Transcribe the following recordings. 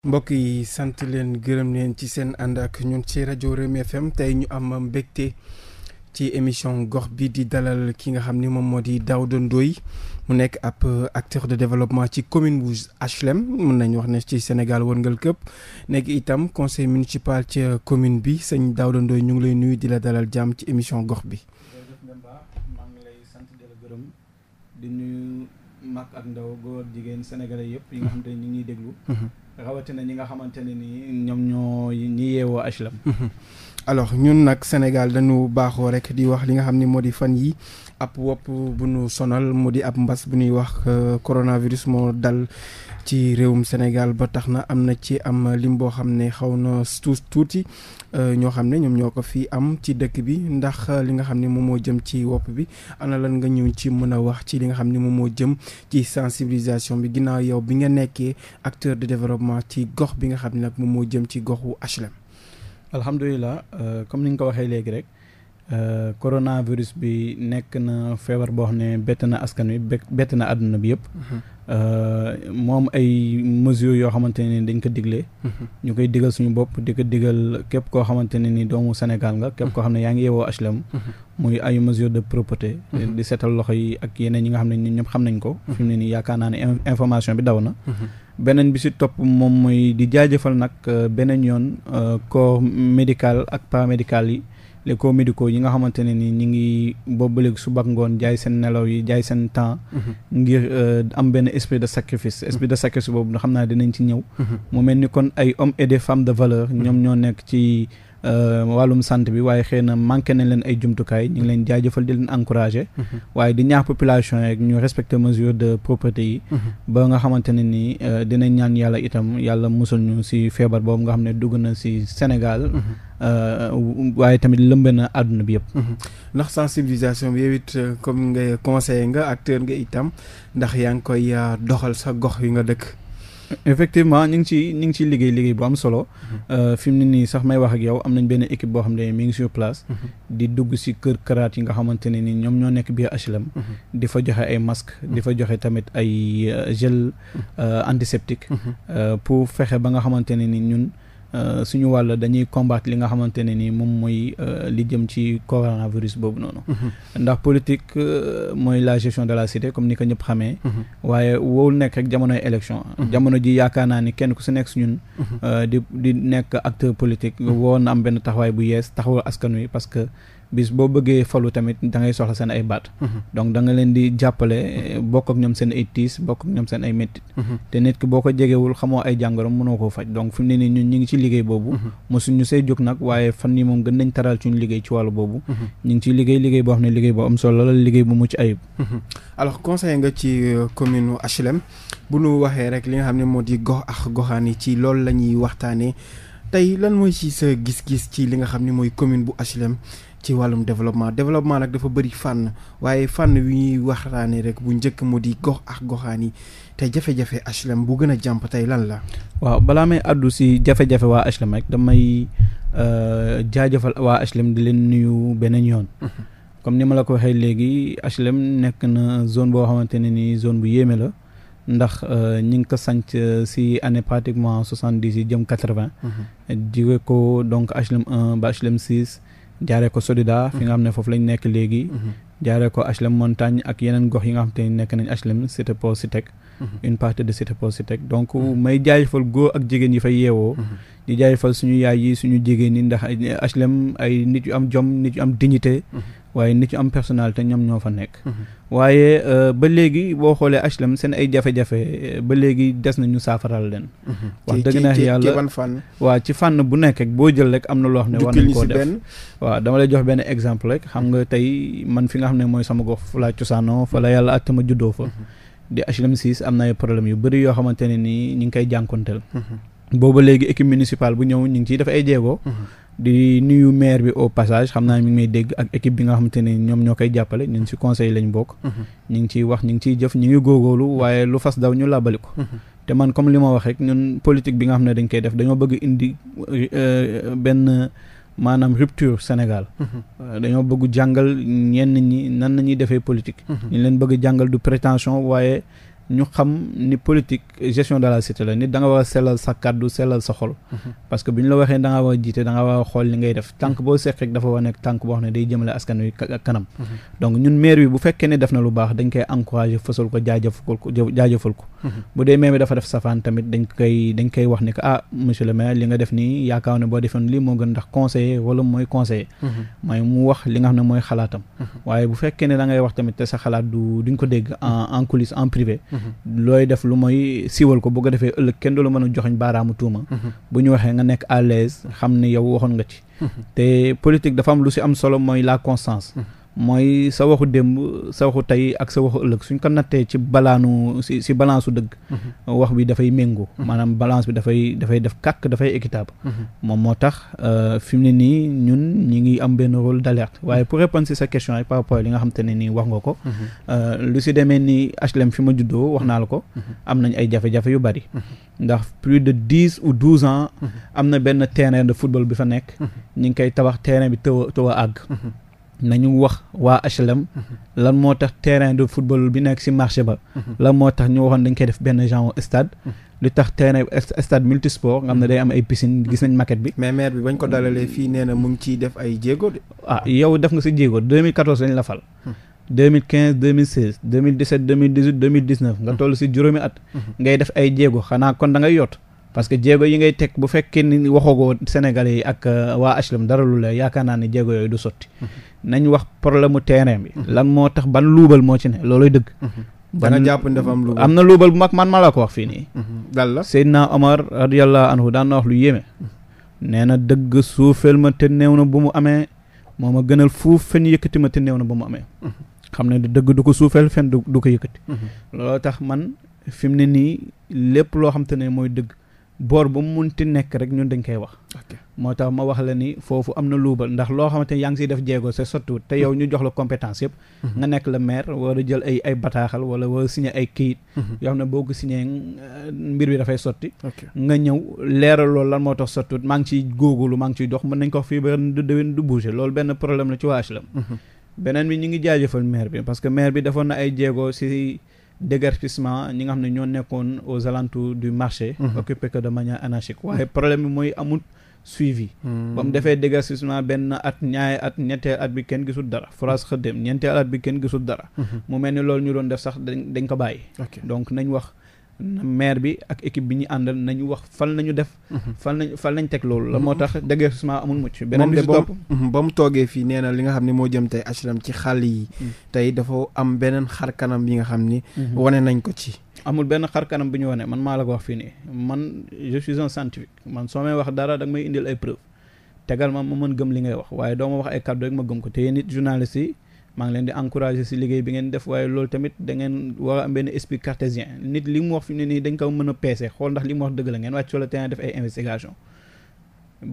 mbokk yi sant leen gërëm leen ci seen ànd ak ñun ci rajo Rewmi FM tey ñu am mbégte ci émission gox bi di dalal ki nga xam ni moom moo di daw Ndoye mu nekk ab euh, acteur de développement ci commune bu HLM mën nañu wax ne ci Sénégal wërngal këpp nekk itam conseil municipal ci euh, commune bi sëñ Daouda Ndoye ñu ngi lay nuyu di la dalal jàmm ci émission gox bi. maa ngi sant di di nuyu mag ak ndaw góor jigéen sénégalais yëpp yi nga xam te déglu. Mm-hmm. rawatina ñi nga xamante ne ni ñoom ñoo ñi yeewoo alors ñun nag Sénégal dañu baaxoo rek di wax li nga xam ni moo di fan yi ab wopp bu nu sonal mu di ab mbas bu ñuy wax euh, coronavirus moo dal ci réewum Sénégal ba tax na am na ci am lim boo xam ne xaw na tuus tuuti euh, ñoo xam ne ñoom ñoo ko fii am ci dëkk bi ndax euh, li nga xam ni moom moo jëm ci wopp bi ana lan nga ñëw ci mën a wax ci li nga xam ne moom moo jëm ci sensibilisation bi ginnaaw yow bi nga nekkee acteur de développement ci gox bi nga xam ne nag moom moo jëm ci goxu HLM. alhamdulilah euh, comme ni nga ko waxee léegi rek euh, coronavirus bi nekk na feebar boo xam ne bett na askan wi bett na àdduna bi yëpp. Mhm. Euh, moom ay mesures yoo xamante ne ni dañ ko digle. Mhm. ñu koy digal suñu bopp di ko digal képp koo xamante ne ni doomu Sénégal nga. képp koo xam ne yaa ngi yeewoo HLM. Mhm. muy ay mesures de propreté. di seetal loxo yi ak yeneen ñi nga xam ne ñun ñëpp xam nañ ko. fi mu ne nii yaakaar naa ne information bi daw na. beneen bi si topp moom mooy di jaajëfal nag euh, beneen yoon euh, corps médical ak paramédical yi les corps médicaux yi nga xamante ne ni ñu ngi boobu léegi suba ak ngoon jaay seen nelaw yi jaay seen temps mhm. ngir euh, am benn esprit de sacrifice mhm. esprit de sacrifice boobu xam naa dinañ ci ñëw mhm. mu mel ni kon ay hommes et des de valeur ñoom ñoo nekk ci Euh, wàllum sant bi waaye xëy na manqué nañ leen ay jumtukaay ñu ngi leen jaajëfal di leen encouragé mm-hmm. waaye di ñaax population yeeg ñu respecté mesure de propreté yi mm-hmm. ba nga xamante ne nii euh, dinañ ñaan yàlla itam yàlla musul ñu si feebar boobu nga xam ne dugg na si Sénégal mm-hmm. euh, waaye tamit lëmbe na àdduna bi yëpp ndax sensibilisation bi yow it comme nga conseillé nga acteur nga itam ndax yaa ngi koy doxal sa gox yi nga dëkk effectivement ñu ngi ci ñu ngi ci liggéey liggéey bu am solo mm-hmm. euh, fi mu nii sax may wax ak yow am nañ benn équipe boo xam ne mi ngi sur place mm-hmm. di dugg si kër karaat yi nga xamante ne ni ñoom ñoo nekk biir HLM mm-hmm. di fa joxe ay masque di fa joxe tamit ay euh, gel euh, antiseptique pour fexe ba nga xamante ne ni ñun Euh, suñu wàll dañuy combattre li nga xamante ne ni moom mooy euh, li jëm ci coronavirus boobu noonu. Mhm. ndax politique euh, mooy la gestion de la cité comme ni ko ñëpp xamee. Mhm. waaye wowul nekk rek jamonoy élection. Mhm. jamono ji yaakaar naa ni kenn ku si nekk si ñun. di di nekk acteur politique. woon na am benn taxawaay bu yees taxawal askan wi parce bis boo bëggee falu tamit da ngay soxla seen ay baat mhm. donc da nga leen di jàppale bokk ak ñoom seen ay tiis bokk ak ñoom seen ay méttit mhm. te nit boo ko jegewul xamoo ay jàngoro mënoo koo faj donc fi nii ñun ñi ngi ci liggéey boobu mhm. mosuñu see jóg nag waaye fan yi moom gën nañ taral ci ñu liggéey ci wàllu boobu ñu ngi ci liggéey liggéey boo xam ne liggéey boo am solo la liggéey conseil nga ci euh, commune HLM bu ñu waxee rek li nga xam ne moo di gox ak tey lan mooy si sa gis-gis ci li nga xam ni mooy commune bu HLM ci wàllum développement développement nag dafa bëri fànn waaye fànn wi ñuy waxtaanee rek bu njëkk moo di gox ak goxaan yi tey jafe-jafe HLM bu gën a jàmp tey lan la. waaw balaa may àddu si jafe-jafe waa HLM rek damay euh, jaajëfal waa HLM di leen nuyu beneen yoon. Mhm. comme ni ma la ko waxee léegi HLM nekk na zone boo xamante ne ni zone bu yéeme la. ndax euh, ñi ngi ko sanc euh, si année pratiquement soixante dix yi jëm quatre vingt. Mhm. jiwe ko donc HLM un ba HLM six. jaaree ko Sodida. fi nga mhm. xam ne foofu lañ nekk léegi. Mhm. jaaree ko HLM montagne ak yeneen gox yi nga xam te nekk nañ HLM cité post une partie de cité post donc may jaajëfal góor ak jigéen yi fay yeewoo. di jaajëfal suñu yaay yi suñu jigéen yi ndax euh, ay nit yu am jom nit yu am dignité. waaye nit ñu am personnalité ñoom ñoo fa nekk. Mhm. waaye euh, ba léegi boo xoolee HLM seen ay jafe-jafe euh, ba léegi des na ñu saafaral leen. Mhm. wax dëgg na yàlla waa ci fànn bu nekk rek boo jël rek am na loo xam ne war nañ koo def waa dama lay jox benn exemple rek xam nga tey man fi nga xam ne mooy sama gox fu laa cosaanoo fa la mhm. yàlla ak ma juddoo fa. di HLM 6 am na ay problème yu bëri yoo xamante ne nii ñu ngi koy jànkonteel. booba léegi équipe municipale bu ñëw ñu ngi ciy def ay jéego. di nuyu maire bi au passage xam naa mi ngi may dégg ak équipe bi nga xamante ne ñoom ñoo koy jàppale ñun ci conseil lañ bokk. Mhm. ñu ngi ciy wax ñu ngi ciy jëf ñu ngi góorgóorlu mhm. waaye lu fas daw ñu làbbali ko. Mhm. te man comme li ma wax rek ñun politique bi nga xam ne dañ koy def dañoo bëgg indi euh, benn. maanaam rupture Sénégal euh, dañoo bëgg jàngal ñenn ñi nan la ñuy defee politique ñu leen bëgg jàngal du prétention waaye ñu xam ni politique gestion de la cité la nit da nga war a sellal sa kàddu sellal sa xol. Mhm. parce que bu ñu la waxee da nga war a jiite da nga war a li ngay def mhm. tànk boo seq rek dafa war a nekk tànk boo dee maire dafa def safaan tamit dañ koy wax ne ah monsieur le maire li nga def nii yaakaar ne boo defoon lii moo gën ndax conseiller wala mooy conseiller. Mhm. mooy mu wax li nga xam ne mooy xalaatam. waaye bu fekkee ne da wax tamit te sa xalaat du Mm-hmm. looy def lu mooy siwal ko bu ko defee ëllëg kenn du la mën a joxoñ baaraamu tuuma mm-hmm. bu ñu waxee nga nekk à l'aise xam ne yow waxoon nga ci mm-hmm. te politique dafa am lu si am solo mooy la constance mooy sa waxu démb sa waxu tey ak sa waxu ëllëg suñ ko nattee ci balaanu si si balance su dëgg mm-hmm. wax bi dafay méngoo mm-hmm. maanaam balance bi dafay dafay def kàkk dafay équitable mm-hmm. moom moo tax euh, fi mu ne nii ñun ñu ngi am benn rôle d'alerte waaye pour répondre si sa question yi par rapport li nga xam te ne nii wax nga ko euh, lu si demee ni HLM fi ma juddoo wax naa la ko am nañ ay jafe-jafe yu bari ndax plus de dix ou douze ans am na benn terrain de football bi fa nekk ñu ngi koy tabax terrain bi tëw a nañu wax waa HLM lan moo tax terrain de football bi nekk ci marché ba lan moo tax ñu waxoon dañ koy def benn genre stade lu tax terrain stade multisport nga xam ne day am ay piscine gis nañ maquette bi mais maire bi bañ ko dalalee fii nee na mu ngi ciy def ay jéego de ah yow def nga ci jéego 2014 lañ la fal 2015 2016 2017 2018 2019 nga toll ci juróomi at hmm. ngay def ay jéego xanaa kon da ngay yott parce que jéego yi ngay teg bu fekkee ni waxagoo Sénégalais yi ak euh, waa HLM dara lu la yaakaar naa ne jéego yooyu du sotti. Mm-hmm. nañ wax problème mu terrain bi. Mm-hmm. lan moo tax ban luubal moo ci ne loolooy dëgg. Mm-hmm. da jàpp ne dafa am luubal am na mag man ma la ko wax fii nii. dal la Seydina Omar radiyallahu anhu daan na wax lu yéeme. nee na dëgg suufeel ma te néew na bu mu amee moo ma gënal fuuf fen yëkkati ma te néew na bu mu amee. xam ne dëgg du ko suufeel fen du ko yëkkati. looloo tax man fi mu ne nii lépp loo xam ne mooy dëgg. boor bu mu munti nekk rek ñun dañ koy wax. moo tax ma wax la ni foofu am na luubal ndax loo xamante ni yaa ngi siy def jéego c'est surtout te yow ñu jox la compétence yëpp. Mhm. nga nekk la maire war a jël ay ay bataaxal wala war a signé ay kayit. Mhm. yoo xam ne boo ko signé euh, mbir bi dafay sotti. nga ñëw leeral loolu lan moo tax sottiwut maa ngi ciy góogulu maa ngi ciy dox mën nañ ko fii ba du déwén du bouger loolu benn problème la ci waa la mhm. beneen bi ñu ngi jaajëfal maire bi parce que maire bi defoon na ay jéego si. déguerpissement ñi nga xam ne ñoo nekkoon aux alentours du marché. Mhm. occupé que de manière anarchique waaye problème bi mooy amul suivi. Hmm. ba mu defee déguerpissement benn at ñaari at ñetteel at bi kenn gisul dara France xëddem ñeenteel at bi kenn gisul dara. Mhm. mu mel ni loolu ñu doon def sax dañ dañ ko bàyyi. donc nañ wax. maire bi ak équipe bi ñu àndal nañu wax fan nañu def mhm. fan nañ fan nañ teg loolu la mhm. moo tax déguerpissement amul mucc beneen bi bopp ba mu toogee fii nee na li nga xam ni moo jëm tey HLM ci xàll yi mhm. tey dafa am beneen xar kanam bi nga xam ni wane nañ ko ci amul benn xar bu bi ñu wane man maa la ko wax fii nii man je suis un scientifique man soo may wax dara da nga may indil ay preuve tegal ma ma mën gëm li ngay wax waaye doo ma wax ay kàddu rek ma gëm ko te nit journaliste maa ngi leen di encourager si liggéey bi ngeen def waaye loolu tamit da ngeen am benn esprit cartésien nit li mu wax fi ne nii dañ ko mën a peese xool ndax li mu wax dëgg la ngeen wàcc sur le terrain def ay investigation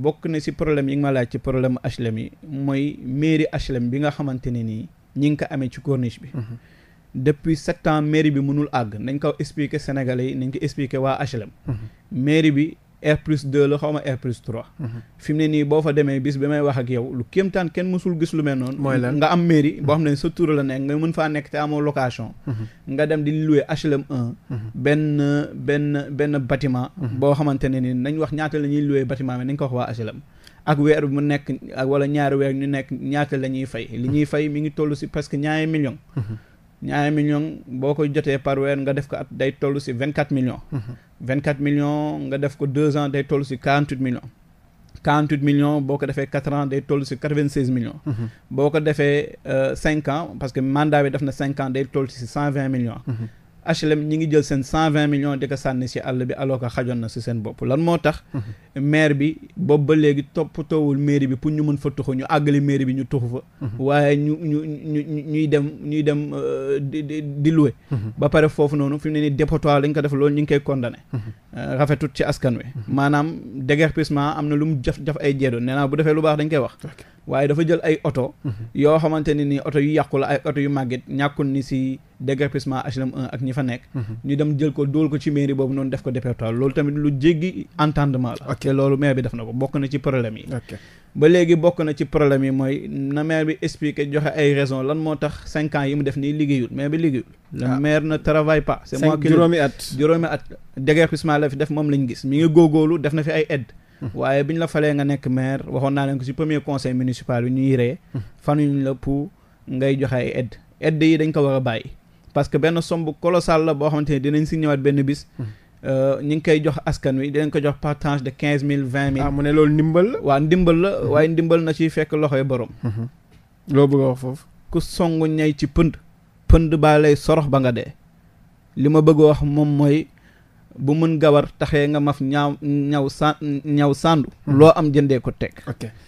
bokk na si problème yi nga ma laaj ci problème HLM yi mooy mairie HLM bi nga xamante ne nii ñi ngi ko amee ci corniche bi mhm. depuis sept ans mairie bi mënul àgg nañ ko expliquer sénégalais yi nañ ko expliquer waa HLM mhm. mairie R plus 2 la ma R plus mhm. mu ne nii boo fa demee bis bi may wax ak yow lu kéemtaan kenn mësul gis lu mel noonu. mooy lan nga am mairie boo xam ne sa tur la nekk nga mën faa nekk te amoo location. Mhm. nga dem di louer HLM 1. Mhm. benn benn benn bâtiment. boo xamante ne ni nañ wax ñaata la ñuy louer bâtiment bi nañ ko wax waa HLM. ak weer bu nekk ak wala ñaari weer ñu nekk ñaata la ñuy fay. li ñuy fay mi ngi toll si que ñaari million ñaari millions boo ko jotee par weer nga def ko at day toll si vingt quatre millions. vingt quatre million nga def ko deux ans day toll si quarante huit millions quarante huit millions boo ko defee quatre ans day toll si quatre vingt seize millions. Mhm. boo ko defee euh, cinq ans parce que mandat bi def na cinq ans day toll si cent vingt millions. Mhm. HLM ñi ngi jël seen cent vingt millions di ko sànni si àll bi alors que xajoon na si seen bopp lan moo tax. Mhm. maire bi boobu ba léegi toppatoowul maire bi pour ñu mën fa tuxu ñu àggali maire bi ñu tuxu fa. Mhm. waaye ñu ñu ñu ñu ñuy dem ñuy dem euh, di di di loué. Mhm. ba pare foofu noonu fi mu ne nii dépotoir lañ ko def loolu ñu ngi koy condamné. Euh, rafetut ci askan wi. maanaam déguerpissement am na lu mu jaf jaf ay jeedo nee bu defee lu baax dañ koy wax. waaye dafa jël ay oto mhm. yoo xamante ni nii oto yu yàqu la ay oto yu màgget ñàkkul ni si déguerpissement HLM 1 ak ñi fa nekk mhm. ñu dem jël ko dool ko ci mairie boobu noonu def ko dépertoire loolu tamit lu jéggi entendement la te loolu maire bi def na ko bokk na ci problème yi ba léegi bokk na ci problème yi mooy na maire bi expliquer joxe ay raison lan moo tax cinq ans yi mu def nii liggéeyul maire bi liggéeyul la ah. maire ne travaille pas c'est juróomi at juróomi at déguerpissement la fi def moom lañ gis mi ngi góogóorlu def na ay aide waaye bi ñu la falee nga nekk maire waxoon naa leen ko ci premier conseil municipal bi ñuy ree fanuñ la pour ngay joxe ay aide yi dañ ko war a bàyyi parce que benn somb colossal la boo xamante ne dinañ ci ñëwaat benn bis hmm. euh, ñi ngi koy jox askan wi dinañ ko jox par de quinze mille vingt mille ah mu ne loolu ndimbal la waaw ndimbal la hmm. waaye ndimbal na ciy fekk loxoy borom hmm. loo bëgg a wax foofu ku song ñay ci pënd pënd baa lay sorox ba nga dee li ma bëgg wax moom mooy bu mën gawar taxee nga maf ñaaw ñaw san ñaw sandu mhm. loo am jëndee ko teg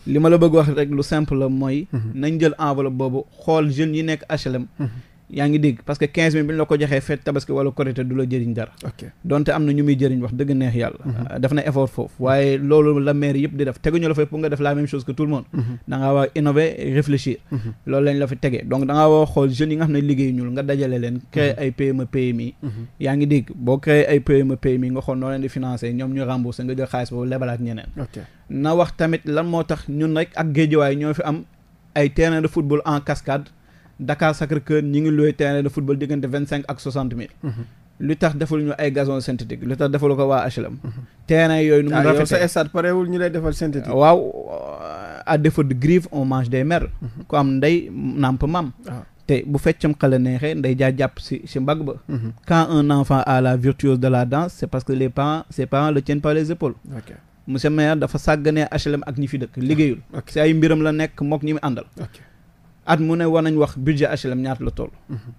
li ma la bëgg wax rek lu simple la mooy mhm. nañ jël enveloppe boobu xool jeunes yi nekk HLM mhm. yaa ngi dégg parce que quinze mille bi ñu la ko joxee fête tabaski wala korité du la jëriñ dara donte am na ñu muy jëriñ wax dëgg neex yàlla mhm. ah, def na effort foofu waaye loolu la maire yëpp di def teguñu la fay nga def la même chose que tout le monde mhm. da ngaa war réfléchir mhm. loolu lañ la fi tegee donc da ngaa xool jeunes yi nga xam ne liggéey ñul nga dajale leen créer ay PME PMI yaa ngi dégg boo créer ay PME PMI nga xool noo leen di financer ñoom ñu rembourser nga jël na wax tamit lan moo tax ñun rek ak géejawaay ñoo fi am ay terrain de football en cascade Dakar Sacré-Cœur ñi ngi loué terrain de football diggante vingt cinq ak soixante mille. Mhm. lu tax defal ñu ay gazon synthétique lu tax defalu ko waa HLM. Mhm. terrain yooyu nu mu ah, rafetee sa stade parewul ñu lay defal synthétique. waaw à défaut de grive on mange des merles. Mhm. ko am ndey nàmp maam. Ah. te bu feccam xale neexe nday jaa jàpp si si mbagg ba quand un enfant a la virtuose de la danse c'est parce que les parents ses parents le tiennent par les épaules monsieur maire ak ñi fi dëkk liggéeyul si mbiram la nekk mook ñi mu àndal at mu ne war nañ wax budget HLM ñaata la toll. Mhm.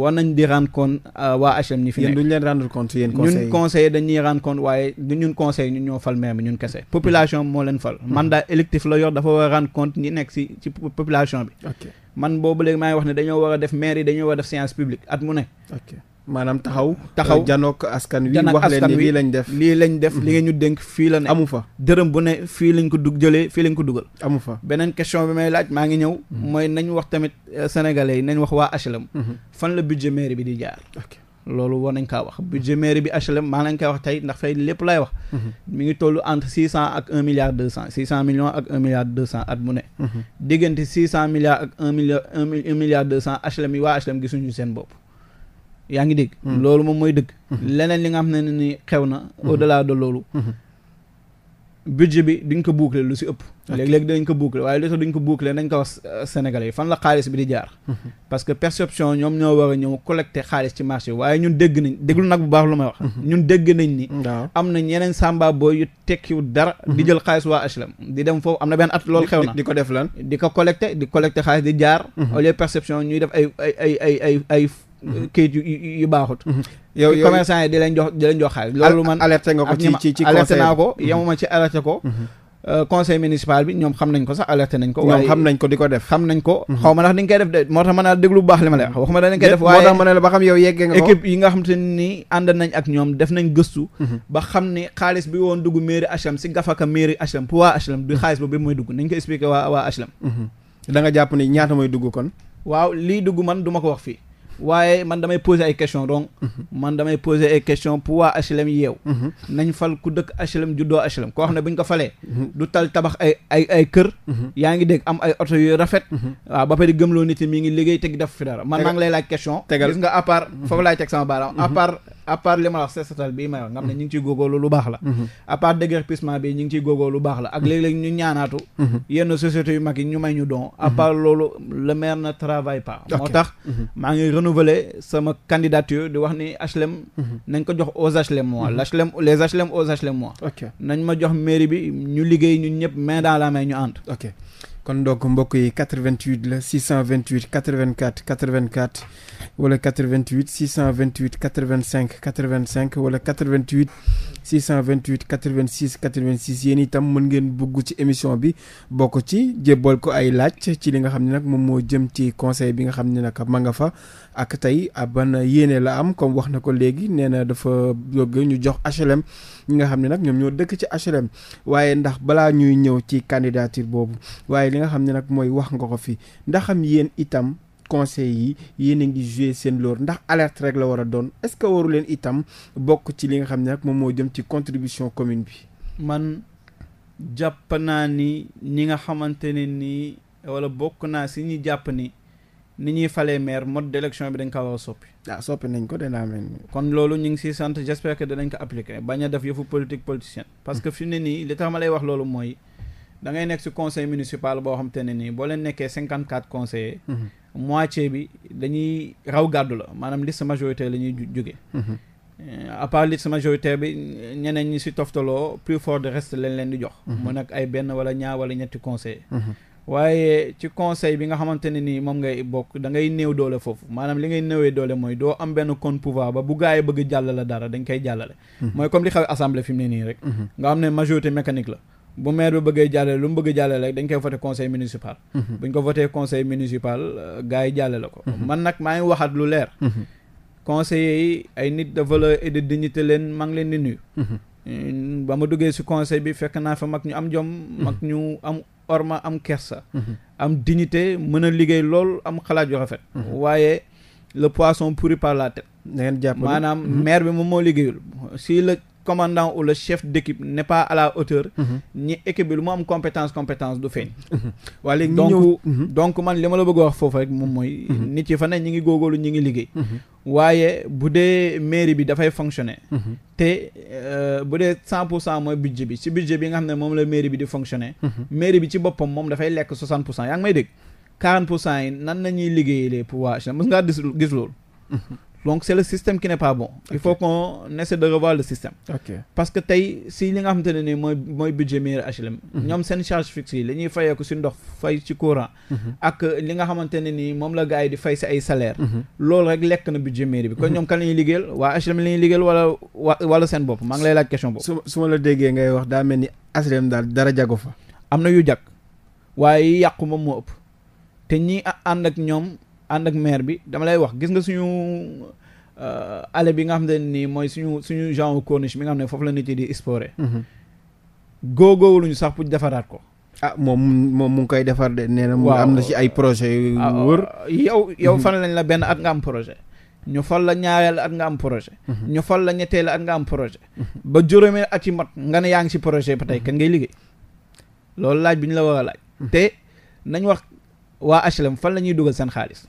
war nañ di rendre compte euh, waa HLM ñi fi nekk. leen rendre compte yéen conseil ñun conseil dañuy rendre compte waaye ñu ñun conseil ñu ñoo fal maire bi ñun kese. Mhm. population moo leen fal. Mhm. mandat électif la yor dafa war a rendre compte ñi nekk si ci population bi. man boobu léegi maa wax ne dañoo war a def maire dañoo war a def séance publique at mu ne. maanaam taxaw taxaw janook askan wi wax leen ni lii lañ def lii lañ def li mhm. nga ñu dénk fii la ne amu fa dërëm bu ne fii lañ ko dug jëlee fii lañ ko dugal amu fa beneen question bi may laaj maa ngi ñëw mhm. mooy nañ wax tamit euh, sénégalais yi nañ wax waa HLM mhm. fan la budget mairie bi di jaar loolu war nañ kaa wax budget mairie bi HLM maa nañ koy wax tey ndax fay lépp lay wax mi ngi toll entre six cent ak un milliard deux cent at mu ne diggante six cent milliard un yaa ngi dégg. Hmm. loolu moom mooy dëgg. Hmm. leneen li nga xam ne ni xew na. Hmm. au laa de loolu. budget bi duñ ko le lu si ëpp. léeg-léeg dañ ko boucler waaye lu tax duñ ko boucler nañ ko wax euh, Sénégalais yi fan la xaalis bi di jaar. parce que perception ñoom ñoo war a ñëw collecter xaalis ci marché waaye ñun dégg nañ déglu nag bu baax lu may wax. ñun dégg nañ ni. am na ñeneen sàmba booy yu tekkiwu dara. di jël xaalis waa HLM. di dem foofu am na benn at loolu xew na di ko def lan. di ko collecter di collecter xaalis di jaar. au ñuy def ay ay ay ay ay. Mm-hmm. kayit yu yu baaxut. Mm-hmm. yow yow commerçant yi di leen jox di leen jox xaalis. loolu man alerté nga ko ko yamuma ci alerté ko. Mm-hmm. Euh, conseil municipal bi de moo moo tax ma ne la ba xam yow yeggee nga ko équipe yi ni ànd bi woon dugg mairie HLM si gafaka mairie HLM pour waa HLM du xaalis boobu mooy dugg nañ ko da nga jàpp ni ñaata mooy dugg kon. waaw lii dugg man du ma ko wax fii waaye man damay poser ay question donc mhm. man damay poser ay question pour waa HLM yeew mhm. nañ fal ku dëkk HLM juddoo HLM koo xam ne bu ñu ko falee mhm. du tal tabax ay ay ay kër yaa ngi dégg am ay oto yu rafet waaw ba pare gëmloo nit mi ngi liggéey teg def fi dara man maa ngi lay laaj question gis nga à part foofu laay teg sama baaraam à part à part bii may wax ne ñu ngi ciy góogóorlu lu baax la à part déguerpissement bi ñu ngi ciy góogóorlu lu baax ak léeg-léeg ñu ñaanaatu yenn société yu mag yi ñu may ñu don à part loolu le maire ne travaille moo tax maa ngi renouveler sama candidature di wax ni HLM. Mhm. nañ ko jox aux HLM moi mhm. HLM les HLM aux HLM moi. nañ ma jox mairie bi ñu liggéey ñun ñëpp mais dans la main ñu ànd. ok kon donc mbokk yi 88 la 628 84 84 wala 88 628 85 85 wala 88. 628 86 86 yéen itam mën ngeen bugg ci émission bi bokk ci jébbal ko ay laaj ci li nga xam ne nag moom moo jëm ci conseil bi nga xam ne nag ma nga fa ak tey ah, ban yéene la am comme wax na ko léegi nee na dafa bëgg ñu jox HLM ñi nga xam ne nag ñoom ñoo dëkk ci HLM waaye ndax balaa ñuy ñëw ci candidature boobu waaye li nga xam ni nag mooy wax nga ko fi ndaxam am yéen itam. conseil yi yéen a ngi joué seen loor ndax alerte rek la war a doon est-ce que waru leen itam bokk ci li nga xam ne nag moom moo jëm ci contribution commune bi. man jàpp naa ni ñi nga xamante ne nii wala bokk naa si ñi jàpp ni ni ñuy falee maire mode d'élection bi dañ ko war a soppi. ah soppi nañ ko dinaa mel ni. kon loolu ñu ngi si sant j'espère que danañ ko appliquer bañ a def yëfu politique politicienne. parce que fi ne nii li tax ma lay wax loolu mooy. da ngay nekk ci conseil municipal boo xam ne nii boo leen nekkee cinquante quatre conseillers. Mhm. moitié bi dañuy raw gàddu la maanaam liste majoritaire la ñuy jóge mhm. euh, à part liste majoritaire bi ñeneen ñi si toftaloo plus fort de reste lañ leen di jox mhm. mu nekk ay benn wala ñaar wala ñetti conseil mhm. waaye ci conseil bi nga xamante ne nii moom ngay bokk da ngay néew doole foofu maanaam li ngay néewee doole mooy doo am benn compte pouvoir ba bu gaa yi bëgg jàll la dara dañ koy jàllale mooy comme li xaw assemblée fi mu ne nii rek nga am ne majorité mécanique la bu maire bi bëggee jàllale lu mu bëgg jàllale rek dañ koy voté conseil municipal mhm. buñ ko voté conseil municipal euh, gars yi la ko mhm. man nag maa ngi waxaat lu leer mhm. conseillers yi ay nit de valeur et dignité leen maa leen di nuyu mm, ba ma duggee si conseil bi fekk naa fa mag ñu am jom mag ñu am orma am kersa am dignité mën a liggéey lool am xalaat yu rafet waaye le poisson pourri par la tête maanaam maire bi moom moo liggéeyul si la commandant ou chef d'équipe n'est pas à la hauteur ñi mhm. équipe bi lu mu compétence compétence du feeñ mhm. waa léegi donc mhm. donc man li ma la bëgg a wax foofu rek moom mooy nit yi fa ne ñi ngi góorgóorlu ñi ngi liggéey waaye bu dee mairie bi dafay fonctionner te euh, bu dee cent pour cent mooy budget bi si budget bi nga xam ne moom la mairie bi di fonctionner mairie bi ci boppam moom dafay lekk soixante pour yaa ngi may dégg quarante pour cent yi nan la ñuy liggéeyee les pouvoirs mos ngaa gis gis loolu donc c' le système qui n' pas bon. il faut qu'on essaie de revoir le système. parce que tey si li nga xamante ne nii mooy mooy budget meilleur HLM. Mhm. ñoom seen charge fixe yi la ñuy fayee ko si ndox fay ci courant. Mhm. ak li nga xamante ne nii moom la gars yi di fay si ay salaire mhm. loolu rek lekk na budget mairie bi. kon ñoom kan la ñuy liggéeyal waa HLM la ñuy liggéeyal wala wala seen bopp maa ngi lay laaj question boobu. su su ma la déggee ngay wax daa mel ni HLM daal dara jago fa. am na yu jag waaye yi yàqu moom moo ëpp te ñi ñoom ànd ak bi dama lay wax gis Euh, ale bi nga xam ne nii mooy suñu suñu genre corniche bi nga xam ne foofu la nit yi di explorer. Mhm. ñu sax pour defaraat ko. ah moom moom mu ngi koy defar de nee na. mu am na ci ay projet yu ah, wër. Ah, yow yow mhm. fan lañ la benn at nga am projet. ñu fal la ñaareel at nga am projet. Mhm. ñu fal la ñetteel at nga am projet. ba juróomeel at yi mat nga ne yaa ngi si projet ba tey kan ngay liggéey. loolu laaj bi ñu la war a laaj. te nañ wax waa HLM fan la ñuy dugal seen xaalis.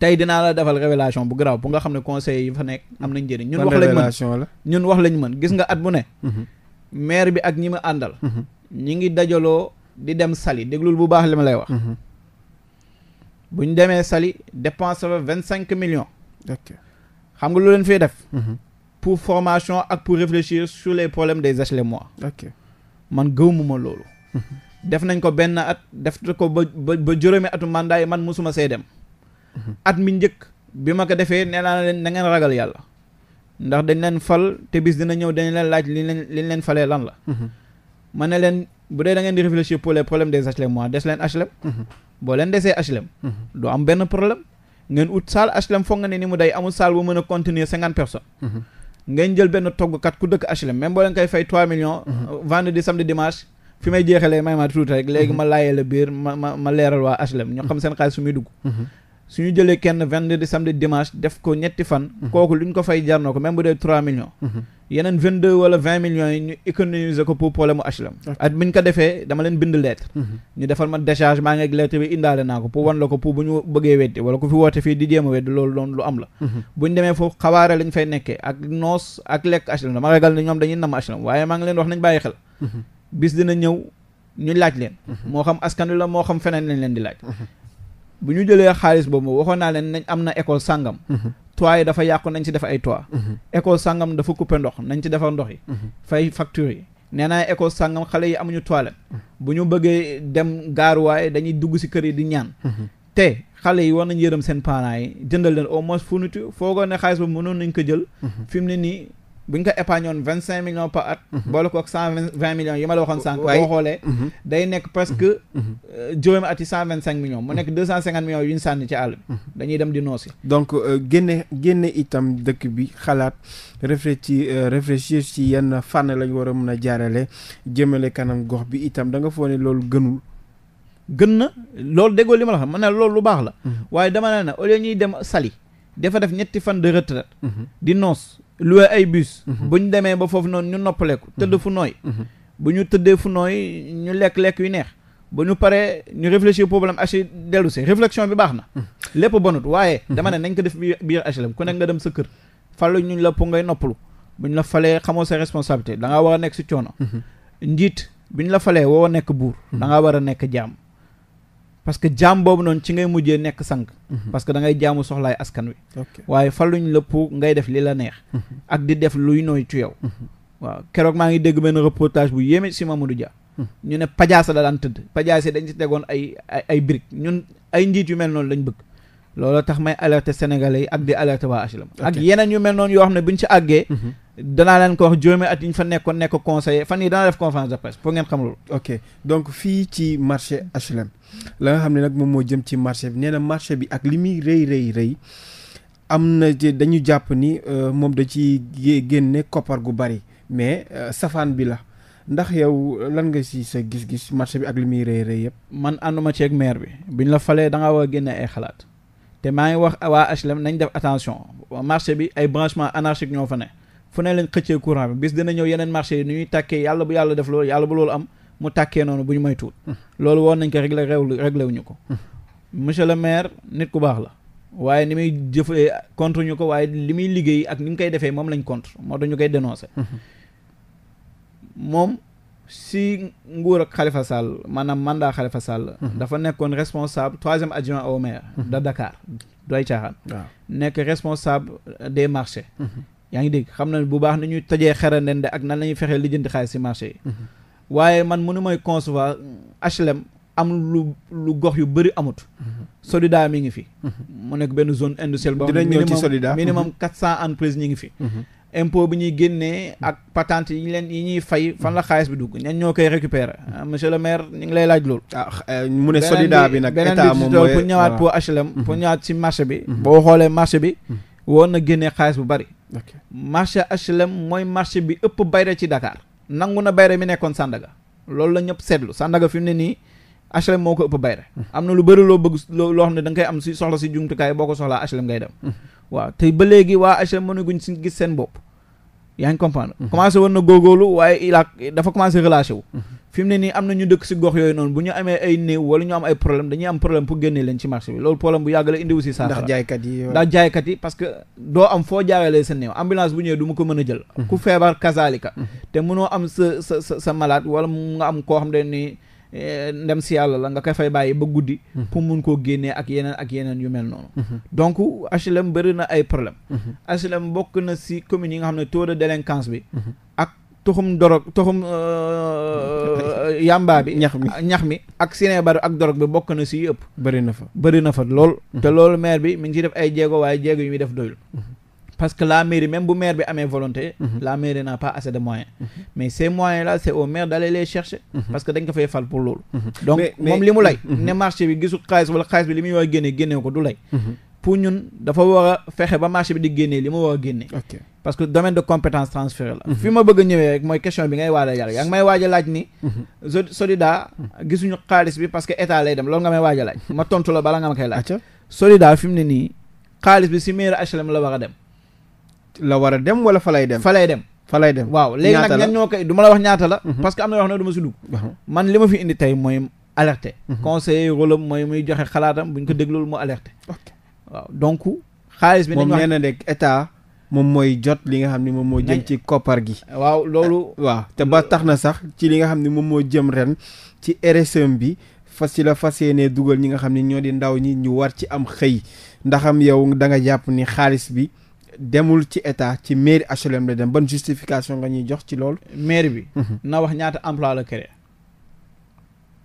tey dinaa la defal révélation bu garaaw bu nga xam ne conseil yi fa nekk am nañ njëriñ ñun wax lañ mën ñun wax lañu mën gis nga at bu ne mhm. maire bi ak ñi ma àndal mhm. ñi ngi dajaloo di dem sali déglul bu baax li ma lay wax mhm. bu ñu demee sali dépense fa vingt cinq millions xam nga lu leen fiy def pour formation ak pour réfléchir sur les problèmes des HLMois man gëwmuma loolu def nañ ko benn at def ko ba ba juróomi atu mandat yi man musuma see dem at mi njëkk bi ma ko defee nee naa leen na ngeen ragal yàlla ndax dañ leen fal te bis dina ñëw dañu leen laaj li leen li leen falee lan la ma ne leen bu dee da ngeen di réfléchir pour les problèmes des HLM moi des leen HLM boo leen desee HLM doo am benn problème ngeen ut saal HLM foog nga ne ni mu day amul saal bu mën a continuer cinquante personnes ngeen jël benn toggkat ku dëkk HLM même boo leen koy fay trois millions vendredi samedi dimanche fi may jeexalee may maa rek léegi ma laayee la biir ma ma ma leeral waa HLM ñoo xam seen xaalis muy dugg su ñu jëlee kenn vendredi samedi dimanche def ko ñetti fan. Mhm. kooku lu ñu ko fay jar na ko même bu dee 3 millions. Mhm. yeneen 22 wala 20 millions yi ñu économiser ko pour problème mu HLM. at bi ñu ko defee dama leen bind lettre. Mhm. ñu defal ma décharge maa ngi ak bi indaale naa ko pour wan la ko pour bu ñu bëggee weddi wala ku fi woote fii di jéem a weddi loolu loolu lu am la. bu ñu demee foofu xawaare lañ fay nekkee ak noos ak lekk HLM ñoom dañuy nam waaye maa ngi leen wax nañ bàyyi xel. bis ñu laaj leen. moo xam askan wi la moo xam feneen lañ leen di laaj. bu ñu jëlee xaalis boobu waxoon naa leen nañ am na école sàngam mhm. toit yi dafa yàqu nañ ci def ay toit mhm. école sàngam dafa coupé ndox nañ ci defar ndox yi mhm. fay facture yi nee naa école sàngam xale yi amuñu toilette bu ñu bëggee dem gaaruwaay dañuy dugg ci kër yi di ñaan te xale yi war nañ yërëm seen parents yi jëndal leen au moins fourniture foogoo ne xaalis boobu mënoon nañ ko jël fi mu ne nii buñ ko épargne woon vingt cinq millions par at. Mhm. boole koog cent vingt millions yi ma la waxoon sànq. boo xoolee. Mhm. day nekk presque. Mhm. Euh, juróomi at yi cent vingt cinq millions. mu nekk deux cent cinquante millions yu ñu sànni ci àll bi. dañuy dem di noosi. donc euh, génne génne itam dëkk bi xalaat réfléchir euh, réfléchir ci yenn fànn lañ war a a jaarale jëmale kanam gox bi itam da nga foog ne loolu gënul. gën na loolu déggoo li ma la xam ma ne loolu lu baax la. waaye dama ne na ñuy dem Saly. dafa def ñetti fan de retraite. di noos luwa ay bus. Mhm. bu ñu demee ba foofu noonu ñu noppaleku mhm. tëdd fu nooy mhm. bu ñu tëddee fu nooy ñu lekk-lekk yu neex ba ñu paree ñu réfléchir problème HLM dellu si réflexion bi baax na lépp bonut waaye dama ne nañ ko def biir biir HLM ku nekk nga dem sa kër falu ñu la pour ngay noppalu bu ñu la falee xamoo sa responsabilité da ngaa war a nekk si coono njiit bu ñu la falee woo nekk buur da ngaa war a nekk jaam parce que jaam boobu noonu ci ngay mujjee nekk sànq. Mhm. parce que da ngay jaamu soxlaay askan wi. waaye faluñ la pour ngay def li la neex. Mhm. ak di def luy nooy ci yow. Mhm. waaw keroog maa ngi dégg benn reportage bu yéeme si Mamadou Dia. ñu ne pajaas la daan tëdd pajaas yi dañ si tegoon ay ay ay briques ñun ay njiit yu mel noonu lañ bëgg. looloo tax may alerte sénégalais yi ak di alerter waa HLM. ak yeneen yu mel noonu yoo xam ne bu ñu ci àggee. danaa leen ko wax juróomi at yi fa nekkoon nekk conseiller fan yii danaa def conférence de presse fii ci marché HLM. la nga xam ne nag moom moo jëm ci marché bi nee na marché bi ak li muy rëy rëy rëy am na dañu jàpp ni euh, moom da ci génne koppar gu bari mais euh, safaan bi la ndax yow lan nga ci sa gis-gis marché bi ak li muy rëy rëy yëpp. man ànduma ci ak maire bi biñ la falee da nga a génne ay xalaat te maa ngi wax waa HLM nañ def attention marché bi ay branchement anarchique ñoo fa ne fu ne lañ xëccee courant bi bis dina ñëw yeneen marché yi nu ñuy tàkkee yàlla bu yàlla def loolu yàlla bu loolu am. mu tàkkee noonu bu ñu moytuwul. loolu woon nañ ko réglé réglé wuñu ko. monsieur le maire nit ku baax la. waaye ni may jëfe eh, contre ñu ko waaye li muy liggéey ak ni mu koy defee moom lañ contre moo tax koy dénoncé. moom si nguur ak Khalifa Sall maanaam mandat Khalifa Sall. dafa nekkoon responsable troisième adjoint au maire. de Dakar doy caaxaan. waaw nekk responsable des marchés. yaa ngi dégg xam na bu baax na ñuy tojee xarandende ak nan la ñuy fexee lijjanti xaalis si marché yi. waaye man mënu mooy concevoir HLM am lu gox yu bëri amut. Mhm. Solida mii ngi fi. Mhm. mu nekk benn zone industrielle. boo xam ne minimum minimum mhm. quatre cent entreprises ñi ngi fi. impôt bi ñuy génnee ak patente yi ñu leen yi ñuy fay fan la xaalis bi dugg ñan ñoo koy récupérer ah, monsieur le maire ñu ngi lay laaj loolu. Ah, eh, mu ne Solida bi nag état moom mooy pour ñëwaat pour HLM. pour marché bi. boo xoolee marché bi. woon na génnee xaalis bu bari. marché HLM mooy marché bi ëpp bayra ci Dakar. nangu na bayre mi nekkoon Sandaga loolu la ñëpp seetlu Sandaga fi mu ne nii HLM moo ko ëpp bayre am na lu bari loo bëgg loo xam ne da nga am si soxla si jumtukaay boo ko soxlaa HLM ngay dem hmm. waaw te ba léegi waa HLM mënaguñ si gis seen bopp yaa ngi comprendre mhm. commencé woon na góorgóorlu waaye il a dafa commencé relâché wu mhm. mu ne nii am na ñu dëkk si gox yooyu noonu bu ñu amee ay néew wala ñu am ay problème dañuy am problème pour génnee leen ci marché bi loolu problème bu yàgg la indi aussi ndax jaaykat yi ndax jaaykat yi parce que doo am foo jaarelee sa néew ambulance bu ñëwee du ma ko mën a jël mhm. ku feebar kazalika te mënoo am sa sa sa sa malade wala mu nga am koo xam ne nii Eh, ndem si yàlla la nga koy fay bàyyi ba guddi mhm. pour mun koo génnee ak yeneen ak yeneen yu mel noonu mhm. donc HLM bëri na ay problème mhm. HLM bokk na si communes yi nga xam ne taux de délinquance bi ak toxum dorog toxum euh, yàmbaa bi ñax mi ñax mi ak sinebar ak dorog bi bokk na si yëpp bëri na fa bëri na fa lool te loolu maire bi mi ngi ciy def ay jéego waaye jéego yu muy def doyul parce que la mairie même bu maire bi amee volonté mhm. la mairie n'a pas assez de moyens mhm. mais ces moyens là c'est au maire d'aller les chercher mhm. parce que dañ ko fal pour loolu donc moom li mu lay ne marché bi gisul xaalis wala xaalis bi li muy war a génnee génnee ko du lay pour ba marché bi di génnee li mu war a parce que domaine de compétence transféré la fi ma bëgg a ñëwee rek mooy question bi ngay a yàlla yaa ngi may waaj a laaj ni solida gisuñu xaalis bi parce que état lay dem loolu nga may waaj laaj ma tontu la bala nga ma koy laaj solida fi mu ne nii xaalis bi si mairie HLM la war dem la war a dem wala fa lay dem. fa lay dem fa lay dem. waaw léegi nag ñoo koy du la wax ñaata la. Mhm. parce que am na yoo xam ne du ma man li ma fi indi tey mooy alerter. Mhm. conseiller rôle muy joxe xalaatam bu ñu ko mhm. déglu mu alerter. waaw donc. xaalis bi nañu wax moom na de état moom mooy jot li nga xam ne moom moo jëm ci koppar gi. waaw loolu. Eh, waaw te ba tax na sax ci li nga xam ne moom moo jëm ren ci RSE bi fas ci la fas yéenee dugal ñi nga xam ni ñoo di ndaw ñi ñu war ci am xëy ndaxam am yow da nga jàpp ni xaalis bi. demul ci état ci mairie HLM la dem ban justification nga ñuy jox ci loolu. mairie bi. Mhm. na wax ñaata emploi la créé.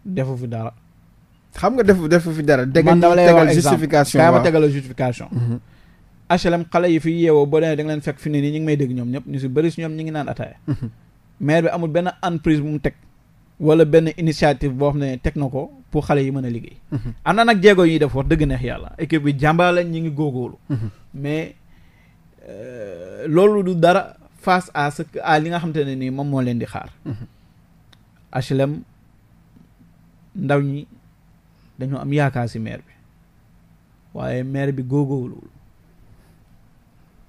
defu fi dara. xam nga defu defu fi dara. man dama lay tegal justification waaw ma tegal justification. Mhm. xale yi fi yeewoo boo demee da leen fekk fi ne nii ngi may dégg ñoom ñëpp ñu si bëri mhm. bi amul benn entreprise bu mu teg. wala benn initiative boo xam ne teg na ko pour xale yi mën a liggéey. am na nag yi ñuy dëgg neex yàlla équipe bi jàmbaar lañ ñu ngi góogóorlu. mais Euh, loolu du dara face à ce à li nga xamante ne nii moom moo leen di xaar. HLM ndaw ñi dañoo am yaakaar si maire bi waaye maire bi góogoowul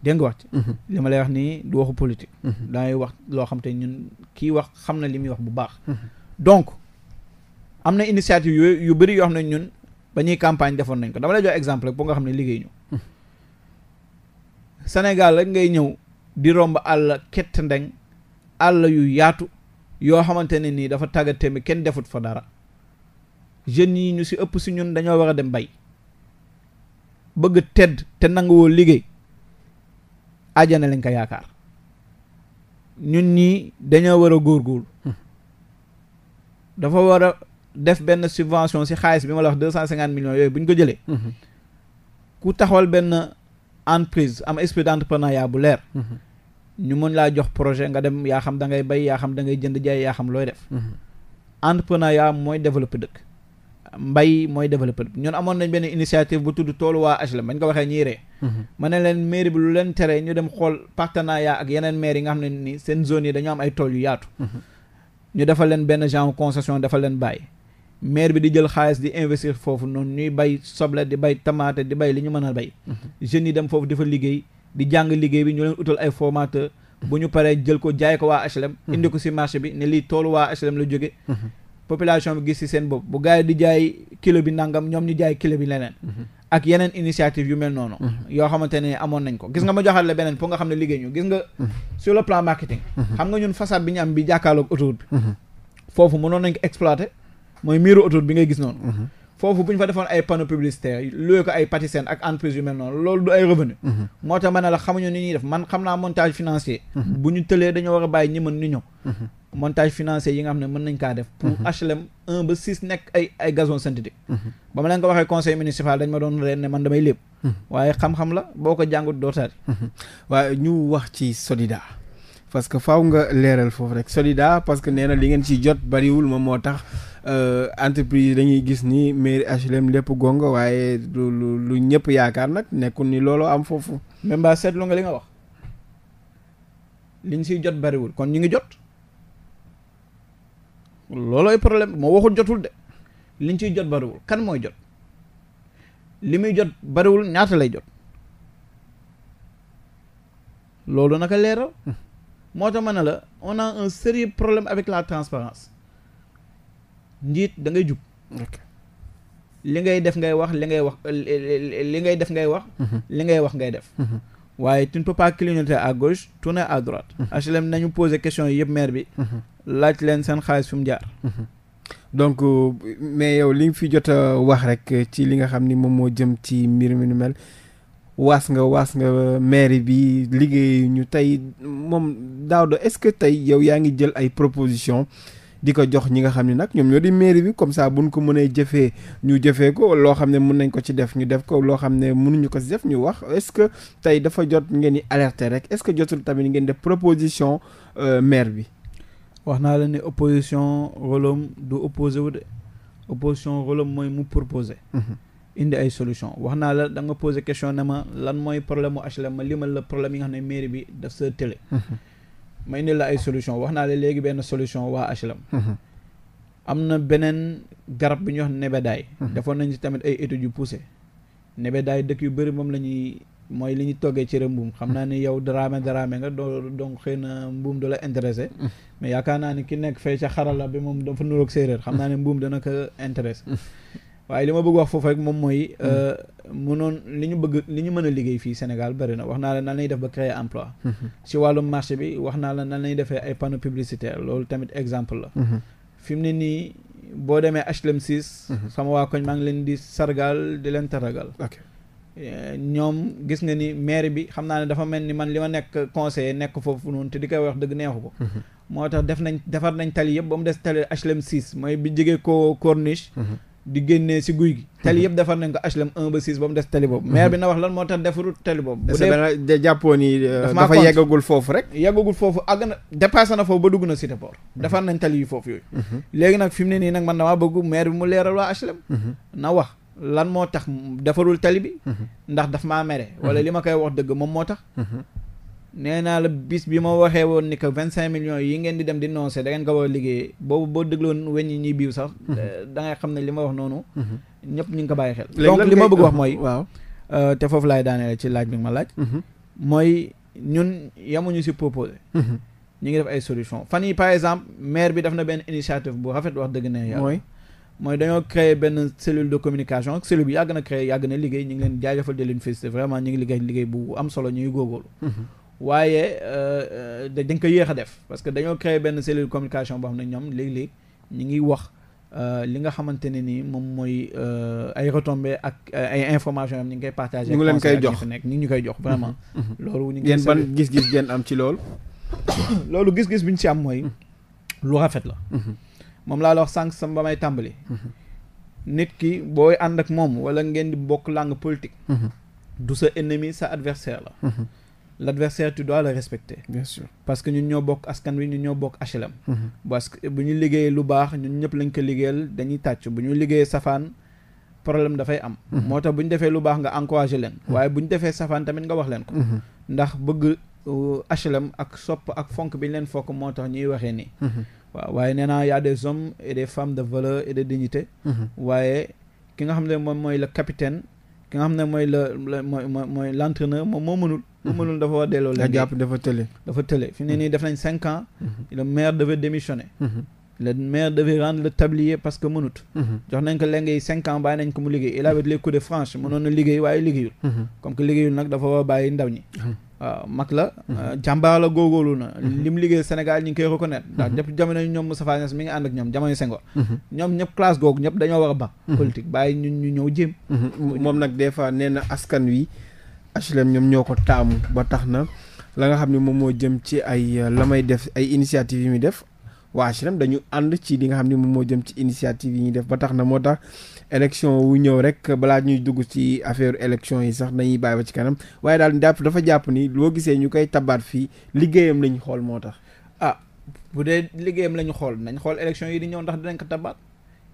dégg nga wax ci. Mhm. li ma lay wax nii du waxu politique. Mhm. dangay wax loo xam te ñun kii wax xam na li muy wax bu baax. Mhm. donc am na initiative yu yu bari yoo xam ne ñun ba ñuy campagne defoon nañ ko dama lay jox exemple rek pour nga xam ne liggéey ñu. senegal rek ngay ñëw di romb àll kett ndeng àll yu yaatu yoo xamante ne nii dafa tàggatee bi kenn defut fa dara jeunes yi ñu si ëpp si ñun dañoo war a dem bay bëgg tedd te nanguwoo liggéey àjjana lañ ko yaakaar ñun nii dañoo war a góor dafa war a def benn subvention si xaalis bi ma la wax deux cinquante millions yooyu bu ñu ko jëlee mhm. ku taxawal benn entreprise am esprit d'entrepreneuriat bu leer. Mhm. ñu mën laa jox projet nga dem yaa xam da ngay bay yaa xam da ngay jënd jaay yaa xam looy def. Mhm. entrepreneuriat mooy développer dëkk. mbay mooy développer dëkk ñun amoon nañ benn initiative bu tudd toolu waa HLM bañ ko waxee ñii ree. Mhm. ma ne leen mairie bi lu leen tere ñu dem xool partenariat ak yeneen maire yi nga xam ne ni seen zone yi dañoo am ay tool yu yaatu. ñu defal leen benn genre concession defal leen bàyyi. maire bi di jël xaalis di investir foofu noonu ñuy bay soble di bay tamaate di bay li ñu mën a bay mhm. jeunes yi dem foofu dafa liggéey di jàng liggéey bi ñoo leen utal ay formateur bu ñu paree jël ko jaay ko waa HLM mhm. indi ko si marché bi ne lii toolu waa HLM la jóge mhm. population bi gis si seen bopp bu gars di jaay kilo bi nangam ñoom ñu jaay kilo bi leneen ak yeneen initiative yu mel noonu yoo xamante ne amoon nañ ko gis nga ma joxaat la beneen pour nga xam ne liggéey ñu nga sur le plan marketing xam nga ñun façade bi ñu am bi jàkkaarloog autoroute foofu mënoon nañ ko mooy miiru autoroute bi ngay gis noonu mhm. foofu bu ñu fa defoon ay panneaux publicitaires luwee ko ay pâtissiers ak entreprises yu mel noonu loolu du ay revenu mhm. moo tax ma ne la xamuñu ni ñuy def man xam naa montage financier mhm. bu ñu tëlee dañoo war a bàyyi ñi mën ni ñëw montage financier yi nga xam ne mën nañ kaa def pour HLM un ba six nekk ay gazon synthétique ba ma leen ko waxee conseil municipal dañ ma doon reen ne man damay lépp waaye xam-xam la boo ko jàngut doo taari waaye ñu wax ci Solida parce que faaw nga leeral foofu rek Solida parce que nee li ngeen ci jot bariwul moom moo tax Euh, entreprise dañuy gis ni mairie HLM lépp gonga waaye lu lu lu ñëpp yaakaar nag nekkul ni looloo am foofu. même ba seetlu nga li nga wax liñ siy jot bariwul kon ñu ngi jot loolooy problème moo waxul jotul de liñ siy jot bariwul kan mooy jot li muy jot bariwul ñaata lay jot loolu naka leeral moo tax ma la on a un sérieux problème avec la transparence njiit da ngay jub li ngay def ngay wax li ngay wax li ngay def ngay wax mhm. li ngay wax ngay def mhm. waaye tu ne peux pas clignoter à gauche tourner à droite HLM nañu poser question yëpp maire bi mhm. laaj leen seen xaalis fu mu jaar donc euh, mais yow li nga fi jot a wax rek ci li nga xam ni moom moo jëm ci mbir mi mel waas nga waas nga maire bi liggéey ñu tey moom Daouda est-ce que tey yow yaa ngi jël ay proposition di ko jox ñi nga xam ne nag ñoom ñoo di mairie bi comme ça buñ ko mënee jëfee ñu jëfee ko loo xam ne mun nañ ko ci def ñu def ko loo xam ne mënuñu ko ci def ñu wax est-ce que tey dafa jot ngeen di alerter rek est-ce que jotul tamit ngeen def proposition euh, maire bi. wax naa la ne opposition rôlam du opposé wu de opposition rôlam mooy mu proposer. Mhm. indi ay solution wax naa la da nga posé question ne ma lan mooy problème mu HLM ma limal la problème yi nga xam ne mairie bi daf sa télé. Mhm. may ne la ay solution wax naa la léegi benn solution waa HLM. Mhm. am na beneen garab bi ñuy wax nebedaay mhm. defoon nañ ci tamit ay études yu poussé nebedaay dëkk yu bëri moom la ñuy mooy li ñu toggee cere mbuum xam naa ni yow daraame daraame nga doo donc xëy na mbuum du la intéressé mhm. mais yaakaar naa ni ki nekk fee ca xarala bi moom dafa nuroog séeréer xam naa ne mbuum dana ko intéressé waaye li ma bëgg wax foofu rek moom mooy hmm. euh, mënoon li ñu bëgg li ñu mën a liggéey fii Sénégal bari na wax naa la nan lay def ba créer emploi hmm. si wàllu marché bi wax naa la nan lañu defee ay panneaux publicitaires loolu tamit exemple la hmm. fi mu ne nii boo demee HLM 6 sama waa koñ maa ngi leen di sargal di leen taragal eh, ñoom gis nga ni maire bi xam naa ne dafa mel ni man li ma nekk conseiller nekk foofu noonu te di koy wax dëgg neexu ko moo tax def nañ defar nañ tali yëpp ba mu des tali HLM 6 mooy bi jege ko corniche di génne si guy gi tali yëpp defar nañ ko HLM 1 ba 6 ba mu des tali boobu maire bi na wax lan moo tax defarul tali boobu bu dee jàppoo ni euh, dafa foofu rek yeggagul foofu àgg na dépassé na foofu ba dugg na cité port mhm. defar nañ tali yu foofu yooyu mhm. léegi nag fi mu ne nii nag man damaa bëgg maire bi mu leeral waa HLM mhm. na wax lan moo tax defarul tali bi ndax daf maa mere wala li ma koy wax dëgg moom moo tax nee naa la bis bi ma waxee woon ni que vingt cinq millions yi ngeen di dem di noncé da ngeen ko war a liggéeyee boobu boo dégloon weñ ñi ñuy biiw sax mhm. da xam ne li ma wax noonu mhm. ñëpp ñu ngi ko bàyyi xel donc li ma bëgg wax mooy waaw euh, te foofu laay daanee ci laaj bi ma laaj mhm. mooy ñun yamuñu si proposé ñu ngi def ay solution fan yi par exemple maire bi def na benn initiative bu rafet wax dëgg ne yàlla mooy dañoo créer benn cellule de communication cellule yàgg na créer yàgg na liggéey ñu ngi leen jaajëfal leen vraiment ñu ngi liggéey liggéey bu solo ñu waaye euh, euh, dañ ko yéex a def parce que dañoo créer benn cellule communication boo xam ne ñoom léeg-léeg ñu ngi wax euh, li nga xamante ne ni moom mooy ay retombées ak ay information yi ngi koy partagé. ñu ngi leen koy jox nekk ñu ngi ñu koy jox vraiment. Mhm. Mhm. loolu ñu ngi yéen ban gis-gis ngeen am ci loolu. loolu gis-gis bi ñu ci am mooy mhm. lu rafet la. moom laa la wax sànq sam ba may tàmbali. nit ki booy ànd ak moom wala ngeen di bokk langue politique. du sa ennemi sa adversaire la. l'adversaire tu dois le respecter. bien sûr parce que ñun ñoo bokk askan wi ñun ñoo bokk HLM. Mm-hmm. bu ñu liggéeyee lu baax ñun ñëpp lañ ko liggéeyal dañuy tàcc bu ñu liggéeyee safaan problème dafay am. Mm-hmm. moo tax bu ñu defee lu baax nga encouragé leen. Mm-hmm. waaye bu ñu defee safaan tamit nga wax leen ko. ndax bëgg HLM euh, ak sopp ak fonk bi ñu leen fokk moo tax ñuy waxee nii. waaw waaye nee naa a des hommes et des femmes de valeur et de dignité. waaye ki nga xam ne moo bu mënul dafa war delloo léegi. nga jàpp dafa tële. fi mu nii def nañ cinq ans. Mhm. le maire devait démissionner. Mhm. le maire devait rendre le tablier parce que mënut. Mhm. jox nañ ko léegi cinq ans bàyyi nañ ko mu liggéey il avait les coups de franche mënoon na liggéey waaye liggéeyul. comme que liggéeyul nag dafa war bàyyi ndaw ñi. mag la. Euh, jàmbaar la góorgóorlu na. lim liggéey Sénégal ñu ngi koy ndax ñëpp jamono ñoom Moustapha Niasse mi ngi ànd ak ñoom jamono Senghor. ñoom a ba. politique HLM ñoom ñoo ko taamu ba tax na la nga xam ne moom moo jëm ci ay euh, lamay def ay initiative yi muy def waa HLM dañu ànd ci li nga xam ne moom moo jëm ci initiative yi ñuy def ba tax na moo tax élection wu ñëw rek balaa ñuy dugg ci affaire élection yi sax nañuy bàyyi ba ci kanam waaye daal jàpp dafa jàpp ni loo gisee ñu koy tabaat fii liggéeyam lañ xool moo tax ah bu dee liggéeyam lañu xool nañ xool élection yi di ñëw ndax dinañ ko tabaat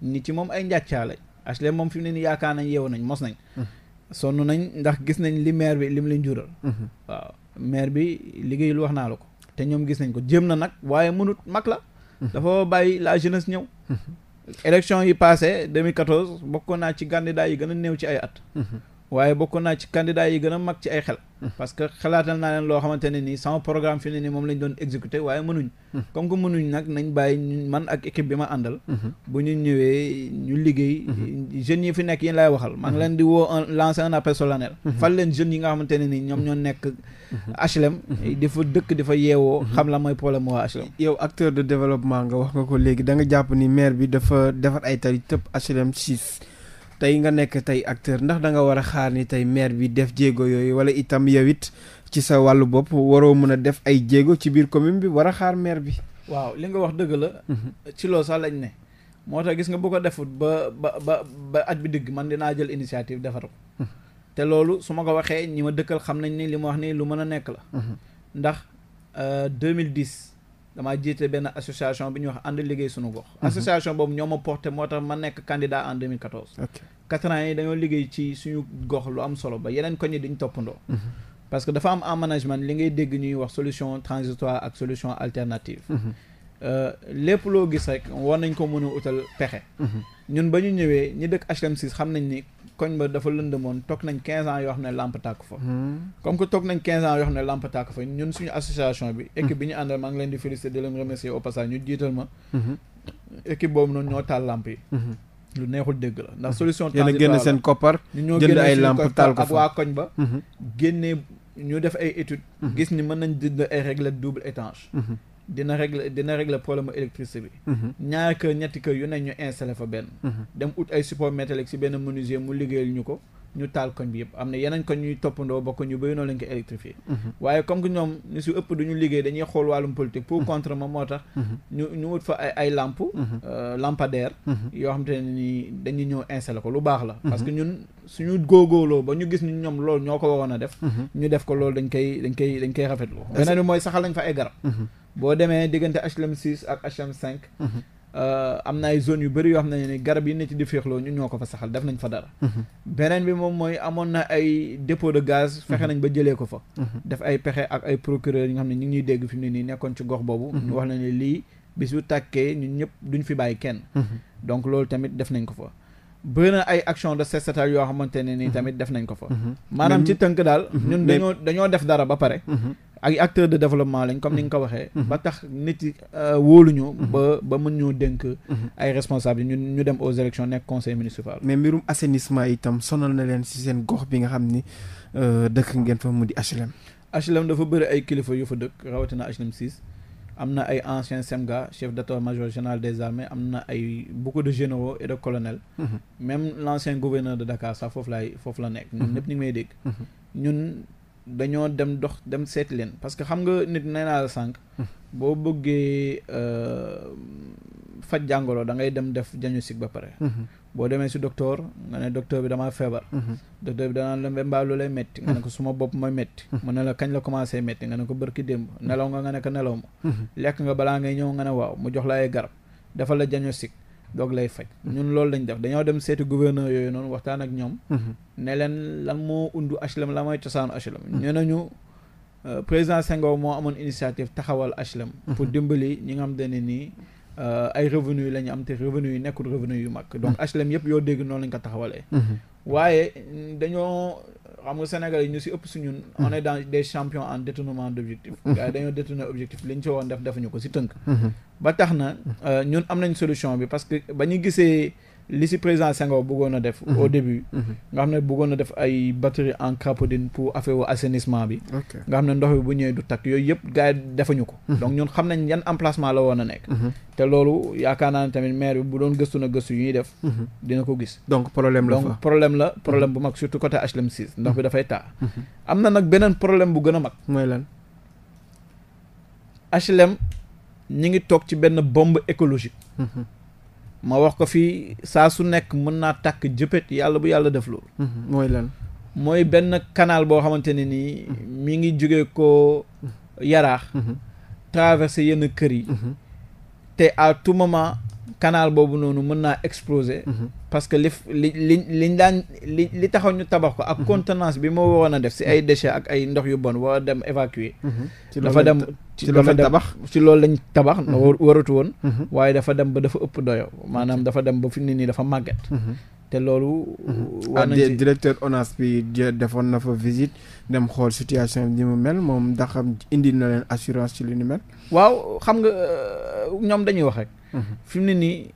nit ci moom ay njàccaa lañ HLM moom fi mu ne nii yaakaar nañ yeewu nañ mos nañ hmm. sonn nañ ndax gis nañ li maire bi lim leen jural. Mhm. waaw maire bi liggéeyul wax naa la ko. te ñoom gis nañ ko jéem na nag waaye mënut mag la. Mhm. dafa bàyyi la jeunesse ñëw. Mhm. élection yi passé 2014 bokkoon naa ci daal yi gën a néew ci ay at. waaye bokk naa ci candidat yi gën a mag ci ay xel hmm. parce que xalaatal naa leen loo xamante ne nii sama programme fi ne nii moom lañ doon exécuté waaye mënuñ hmm. comme que mënuñ nag nañ bàyyi man ak équipe bi ma àndal hmm. bu ñu ñëwee ñu liggéey jeunes yi fi nekk yéen laay waxal maa ngi di woo un lancer un appel solennel fal leen jeunes yi nga xamante ne nii ñoom ñoo nekk HLM di fa dëkk dafa fa yeewoo xam la mooy problème waa HLM yow acteur de développement nga wax nga ko léegi da nga jàpp ni maire bi dafa defar ay tali tëb HLM 6 tey nga nekk tey acteurs ndax da nga war a xaar ni tey maire bi def jéego yooyu wala itam yow it ci sa wàllu bopp waroo mën a def ay jéego ci biir commune bi war a xaar meer bi. waaw li nga wax dëgg la. Mhm. ci loolu sax lañ ne. moo tax gis nga bu ko defut ba ba ba ba at bi digg man dinaa jël initiative defar ko. Mhm. te loolu su ma ko waxee ñi ma dëkkal xam nañ ni li ma wax nii lu mën a nekk la. Mhm. ndax 2010. Euh, damaa jiite benn association bi ñu wax ànd liggéey suñu gox. Mhm. association boobu ñoo ma porté moo tax ma nekk candidat en 2014. ok quatre ans yi dañoo liggéey ci suñu gox lu am solo ba yeneen koñ yi dañ toppandoo. Mhm. parce que dafa am en management li ngay dégg ñuy wax solution transitoire ak solution alternative. Mhm. Euh, lépp loo gis rek war nañ ko mën a utal pexe. Mhm. ñun ba ñu ñëwee ñi dëkk HLM 6 xam nañ ni koñ ba dafa lëndëmoon toog nañ 15 ans yoo xam ne lamp tàkk fa. Mhm. comme que toog nañ 15 ans yoo xam ne lamp tàkk fa ñun suñu association bi. Mhm. équipe bi ñu àndal maa ngi leen di féliciter di leen remercier au ñu jiital ma. équipe boobu noonu ñoo taal lamp yi. lu neexul dégg la ndax solution. transitoire la yéen a génne seen koppar. jënd ak waa koñ ba. génnee ñu def ay études. gis ni mën nañ jënd ay règle double étanche. dina régler dina régler problème mu électricité bi. Mhm. ñaari kër ñetti kër yu ne ñu installé fa benn. Mhm. dem ut ay support métallique si benn menuisier mu liggéeyal ñu ko ñu taal koñ bi yëpp am na yeneen koñ ñuy toppandoo bokk ñu bëri noonu lañ ko électrifié. Mhm. waaye comme que ñoom ñu si ëpp duñu liggéey dañuy xool wàllum politique. pour contre ma moo tax. ñu ñu ut fa ay ay lampe euh, lampadaire. yoo xam te ne nii dañuy ñëw installé ko lu baax la. parce que ñun su suñu góogóoloo ba ñu gis ñu ñoom loolu ñoo ko waroon a def. ñu def ko loolu dañ koy dañ koy dañ koy rafetlu. beneen bi mooy saxal nañ fa ay garab boo demee diggante HLM 6 ak HLM 5. Mhm. Euh, am na ay zones yu bëri yoo xam ne ni garab yi ne ci di féexloo ñun ñoo ko fa saxal def nañ fa dara. Mhm. beneen bi moom mooy amoon na ay dépôt de gaz. Mhm. fexe nañ ba jëlee ko fa. def ay pexe ak ay procureur yi nga xam ne ñu ngi ñuy dégg fi mu ne nii nekkoon ci gox boobu. wax na ne lii bis bu tàkkee ñun ñëpp duñ fi bàyyi kenn. donc loolu tamit def nañ ko fa. bëri na ay action de set setal yoo xamante ne nii tamit def nañ ko fa. maanaam ci tënk daal. ñun dañoo dañoo def dara ba pare. ay acteurs de développement lañ comme ni nga ko waxee. Mhm. ba tax nit yi euh, wóoluñu. Mhm. ba ba mën ñoo denk mhm. ay responsables ñu ñu dem aux élections nekk conseil municipal. mais mbirum assainissement itam sonal na leen ci seen gox bi nga xam ni euh, dëkk ngeen fa mu di HLM. HLM dafa bëri ay kilifa yu fa dëkk rawatina HLM 6. am na ay anciens SEMGA chef d'état-major général des armées am na ay beaucoup de généraux et de colonels. Mm -hmm. gouverneur de Dakar sax foofu laay foofu la nekk. ñun ñëpp may dégg. dañoo dem dox dem seeti leen parce que xam nga nit nee naa la boo bëggee euh, faj jàngoro da ngay dem def diagnostic ba pare. boo demee si docteur nga ne docteur bi damaa feebar. docteur bi danaan la mbaa lu lay metti. nga ne ko suma bopp ma metti. mu ne la kañ la commencé metti nga ne ko bërki démb nelaw nga nga ne ko nelaw ma. lekk nga balaa ngay ñëw nga ne waaw mu jox la ay garab defal la doog lay faj ñun loolu lañu def dañoo dem seeti gouverneur yooyu noonu waxtaan ak ñoom mhm. ne leen lan moo undu HLM la mooy cosaanu HLM ñu mhm. nañu euh, président Senghor moo amoon initiative taxawal HLM mhm. pour dimbali ñi nga xam ne nii euh, ay revenus la ñu am te revenus yi nekkul revenus yu mag donc HLM yëpp yoo dégg noonu lañ ko taxawalee waaye dañoo xam nga Sénégal yi ñu si ëpp su ñun hmm. on est dans des en détournement d' objectif hmm. gars yi dañoo détourner objectif li ñu ci woon def defuñu ko si tënk hmm. ba tax na euh, ñun am nañ solution bi parce que ba gisee li si président Senghor bëggoon a def. Mhm. au début. Mhm. nga xam ne bëggoon a def ay batterie en crapaudine pour affaire wu bi. nga xam ne ndox bi bu ñëwee du takk yooyu yëpp gars yi defuñu ko. Mhm. donc ñun xam nañ yan emplacement la woon a nekk. te loolu yaakaar naa ne tamit maire bu doon gëstu na gëstu yu ñuy def. dina ko gis. donc problème la problème la problème bu mag surtout côté HLM 6. ndox bi dafay taa. am na nag beneen problème bu gën a mag. mooy lan. HLM ñi ngi toog ci benn bombe écologique. ma wax ko fii saa su nekk mën naa takk jëppët yàlla bu yàlla def loolu. Mhm, mooy lan. mooy benn canal boo xamante ne nii. Mhm. mi ngi jóge ko mhm. yaraax. traversé yenn kër yi. te à tout moment. kanaal boobu noonu mën naa exploser. Mhm. parce que li li li liñ daan li li taxaw ñu tabax ko. ak mhm. contenance bi moo waroon a def si ay mhm. déchets ak ay ndox yu bon war a dem évacuer. dafa dem ci loolu lañ tabax ci loolu lañ tabax. waratu woon. waaye dafa dem ba dafa ëpp doyo maanaam dafa dem ba fi nit ñi dafa màgget. te loolu. war ah, directeur ONAS bi defoon na fa visite dem xool situation bi mel moom ndax indi na leen assurance ci li ni mel. waaw xam nga ñoom dañuy wax rek. fi mu ne nii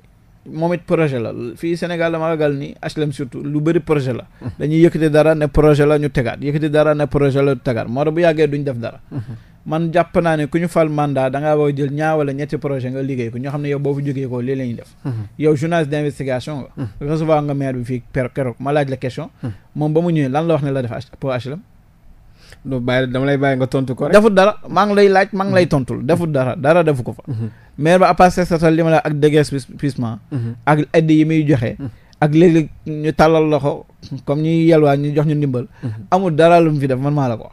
moom it projet la fii Sénégal dama ragal ni HLM surtout lu bari projet la. Mhm. dañuy yëkkati dara ne projet la ñu tegaat yëkkati dara ne projet la ñu tegaat moo bu yàggee duñ def dara. Mhm. man jàpp naa ne ku ñu fal mandat da ngaa war jël ñaar wala ñetti projet nga liggéey ko ñoo xam ne yow boo fa jógee ko lii la ñuy def. Mhm. yow journaliste d' investigation nga. nga maire bi fii keroog ma laaj la question. moom ba mu ñëwee lan la wax ne la def pour HLM. lu bàyyi dama lay bàyyi nga tontu ko rek. defut dara maa ngi lay laaj maa ngi lay mm-hmm. tontul defut dara dara defu ko fa. Mm-hmm. maire ba à part setal li ma la ak déguerpissement. Mm-hmm. ak aide yi muy joxe. ak léeg ñu tàllal loxo comme ñuy yalwaa ñu jox ñu ndimbal. amul dara la mu fi def man maa la ko.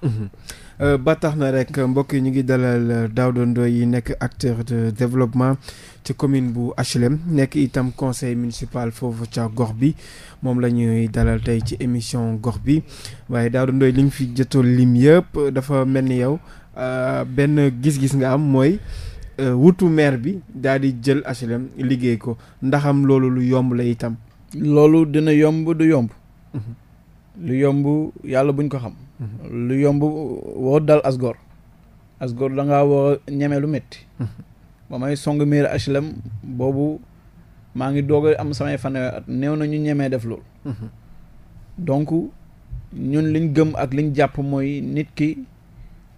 Euh, ba tax na rek mbokk yi ñu ngi dalal euh, Daouda Ndoye yi nekk acteur de développement ci commune bu HLM nekk itam conseil municipal foofu ca gox bi moom la ñuy dalal tey ci émission gox bi waaye Daouda Ndoye li ñu fi jotoon lim yëpp dafa mel ni yow euh, benn gis-gis nga am mooy. wutu maire bi daal di jël HLM liggéey ko ndaxam loolu lu yomb la itam. loolu dina yomb du yomb. Mhm. lu yomb yàlla buñ ko xam mhm. lu yomb woo dal asgor asgor da ngaa war a ñeme lu métti mhm. ba may song miir HLM boobu maa ngi doog am samay fanweer at néew na ñu ñemee def loolu mhm. donc ñun liñ gëm ak liñ jàpp mooy nit ki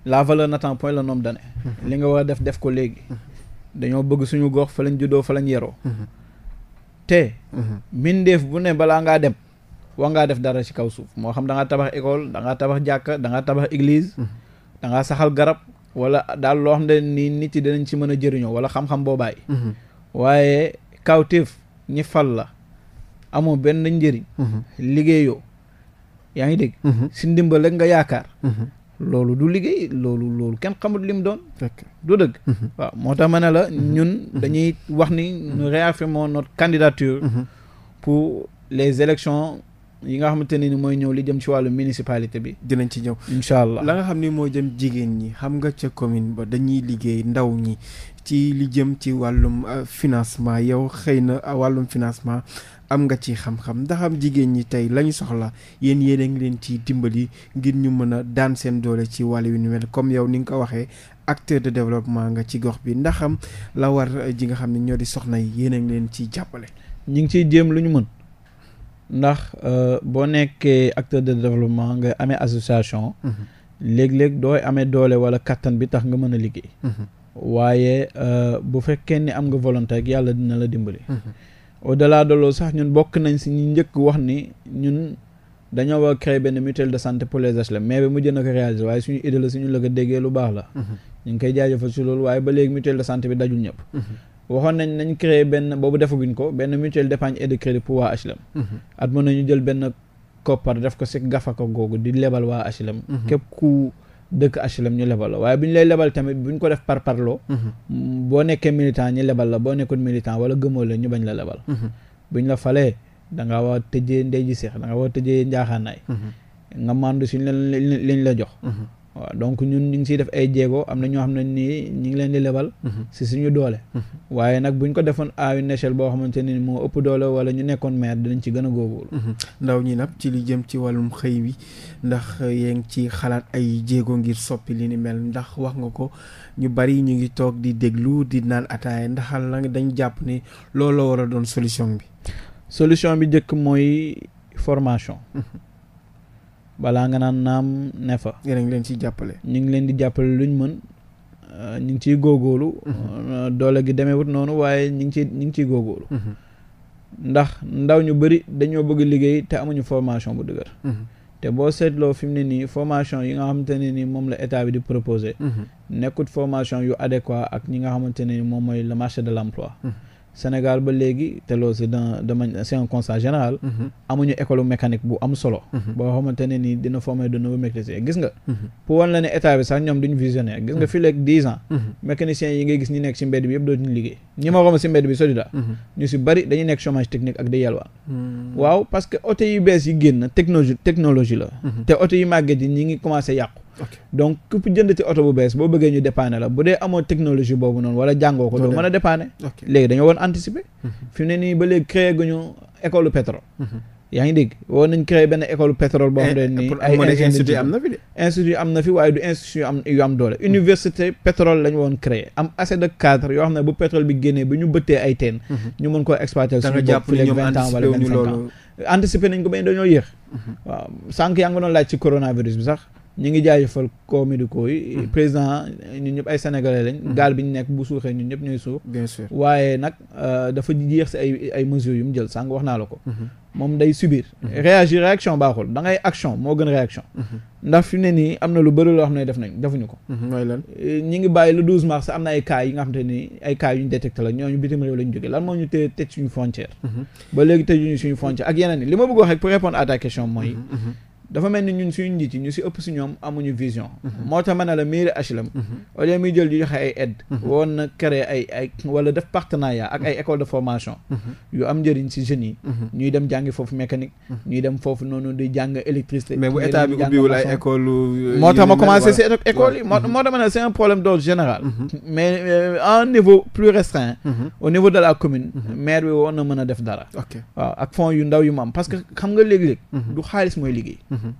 la valeur n'attend point le nombre d'années li nga war a def def ko léegi dañoo bëgg suñu gox fa lañ juddoo fa lañ yeroo te mbindeef bu ne balaa ngaa dem war ngaa def dara ci kaw suuf moo xam da ngaa tabax école da ngaa tabax jàkka danga ngaa tabax église mhm. da saxal garab wala daal loo xam ni nit yi danañ ci mën a jëriñoo wala xam-xam boo bàyyi mhm. waaye kawtéef ñi fal la amoo benn njëriñ mhm. liggéeyoo yaa ngi dégg si ndimbal rek nga yaakaar loolu du liggéey loolu loolu kenn xamul lim mu doon du dëgg waaw moo tax ma ne la ñun dañuy wax ni nous réaffirmons notre candidature pour les élections yi nga xamante ne ni mooy ñëw li jëm ci wàllu municipalité bi. dinañ ci ñëw incha allah la nga xam ni moo jëm jigéen ñi xam nga ca commune ba dañuy liggéey ndaw ñi ci li jëm ci wàllum euh, financement yow xëy na euh, wàllum financement am nga ci xam-xam ndax am jigéen ñi tey lañu soxla yéen yéen a ngi leen ci dimbali ngir ñu mën a daan seen doole ci wàllu yu ni mel comme yow ni nga ko waxee acteur de développement nga ci gox bi ndax am la war euh, ji nga xam ne ñoo di soxna yi yéen a ngi leen ci jàppale. ñu ngi ciy jéem lu ñu mën. ndax euh, boo nekkee acteur de développement nga ame association mhm. léeg-léeg dooy amee doole wala kattan bi tax nga mën a liggéey mhm. waaye euh, bu fekkee ni am nga volonté ak yàlla dina la dimbali mhm. au delà de sax ñun bokk nañ si ñu njëkk wax ni ñun dañoo war a créer benn mutuelle de santé pour les HLM mais ba mujj na ko réaliser waaye suñu idée la suñu la ko déggee lu baax la ñu ngi koy jaajëfal si loolu waaye ba léegi mutuelle de santé bi dajul ñëpp waxoon nañ nañ créé benn boobu defaguñ ko benn mutuelle d'épargne et de crédit pour waa HLM. Mhm. at mën nañu jël benn koppar def ko si gafaka googu di lebal waa HLM. Mhm. képp ku dëkk HLM ñu lebal la waaye bu ñu lay lebal tamit bu ñu ko def par parloo. Mhm. boo nekkee militant ñi lebal la boo nekkul militant wala gëmoo la ñu bañ la lebal. bu ñu la falee da ngaa war a tëjee ndey ji seex da ngaa war a tëjee njaaxaanaay. nga màndu si liñ la jox. waaw donc ñun ñu ngi siy def ay jéego am na ñoo xam ne nii ñu ngi leen di lebal mhm. si suñu doole mhm. waaye nag buñ ko defoon à une boo xamante ni moo ëpp doole wala ñu nekkoon meer danañ ci gën a góoboolu mhm. ndaw ñi nag ci li jëm ci wàllum xëy wi ndax yéen ci xalaat ay jéego ngir soppi li ni mel ndax wax nga ko ñu bari ñu ngi toog di déglu di naan ataaya ndaxal la dañ jàpp ni looloo war a doon solution bi solution bi njëkk mooy formation balaa nga naan naam ne fa. yéen ciy jàppale. ñu ngi leen di jàppale luñ mën euh, ñu ngi ciy góogóolu. Mhm. Euh, doole gi demeewut noonu waaye ñu ngi ciy ñu ngi ciy góogóolu. Mhm. ndax ndaw ñu bëri dañoo bëgg liggéey te amuñu formation bu dëgër. Mhm. te boo seetloo fi mu ne nii formation yi nga xamante ne nii moom la état bi di proposé. nekkut formation yu adéquat ak ñi nga xamante ne nii moom mooy le marché de l' emploi. Sénégal ba léegi te loolu c'est dans de manière c'est un constat général. Mhm. amuñu école mécanique bu am solo. Mhm. boo xamante ne nii dina former de nouveaux mécaniciens gis nga. Mhm. pour wan la ne état bi sax ñoom duñu visionnaire. gis nga fii léegi dix ans. yi ngay gis ñi nekk ci mbedd bi yëpp dootuñu liggéey. ñi ma romb si mbedd bi sori da mhm. ñu si bari dañuy nekk chômage technique ak di yalwaan hmm. waaw parce que oto yu bees yi génn technologie technologie la mhm. te oto yi màgget yi ñi ngi commencé yàqu Okay. donc ku jënd ci oto bu bees boo bëggee ñu dépanner la bu dee amoo technologie boobu noonu wala jàngoo ko doo mën a dépanner léegi dañoo woon anticiper. Mhm. fi mu ne nii ba léegi créé gu ñu école pétrole yaa ngi dégg woo nañ créé benn école pétrole boo xam ne nii ay institut am na fi de institut am na fi waaye du institut yu am doole hmm. université pétrole lañ woon créé am assez de yoo xam ne bu pétrole bi génnee bu ñu bëttee ay teen hmm. ñu mën koo exploiter suñu bopp fi léegi vingt anticiper nañ ko bañ dañoo yéex hmm. waaw sànq yaa ngi doon laaj ci coronavirus bi sax ñu ngi jaajëfal comédicaux yi hmm. président ñun ñëpp ay sénégalais lañ hmm. gaal bi ñu nekk bu suuxee ñun ñëpp ñooy suux bien waaye nag euh, dafa jeex si ay ay mesures yu mu jël sànq wax naa la ko hmm. moom day subir réagir réaction baaxul da ngay action moo gën réaction ndax fi ne nii am na lu bëri loo xam ne def nañ defuñu ko mooy lan euh, ñi ngi bàyyi le mars am na ay cas yi nga xam te ni ay cas yu ñu détecté la ñooñu bitim réew la jógee lan moo ñu te tëj suñu frontière ba léegi tëjuñu ak yeneen ni li ma wax rek pour dafa mel ni ñun suñu njiit yi ñu si ëpp si ñoom amuñu vision. Mhm. moo tax ma ne la mairie HLM. Mhm. au mhm. woon na créer ay ay wala def partenariat ak ay école de formation. yu am njëriñ si jeunes yi. ñuy dem jàngi foofu mécanique. ñuy dem foofu noonu di jàng électricité. mais bu état bi ubbiwul ay école euh, moo tax ma commencé si école yi moo moo tax ma ne c'est un problème d'ordre général. mais euh, à un niveau plus restreint. au niveau de la commune. maire bi woon na mën a def dara. ok waaw ak fonds yu ndaw yu mu am parce que xam nga léeg-léeg. xaalis mooy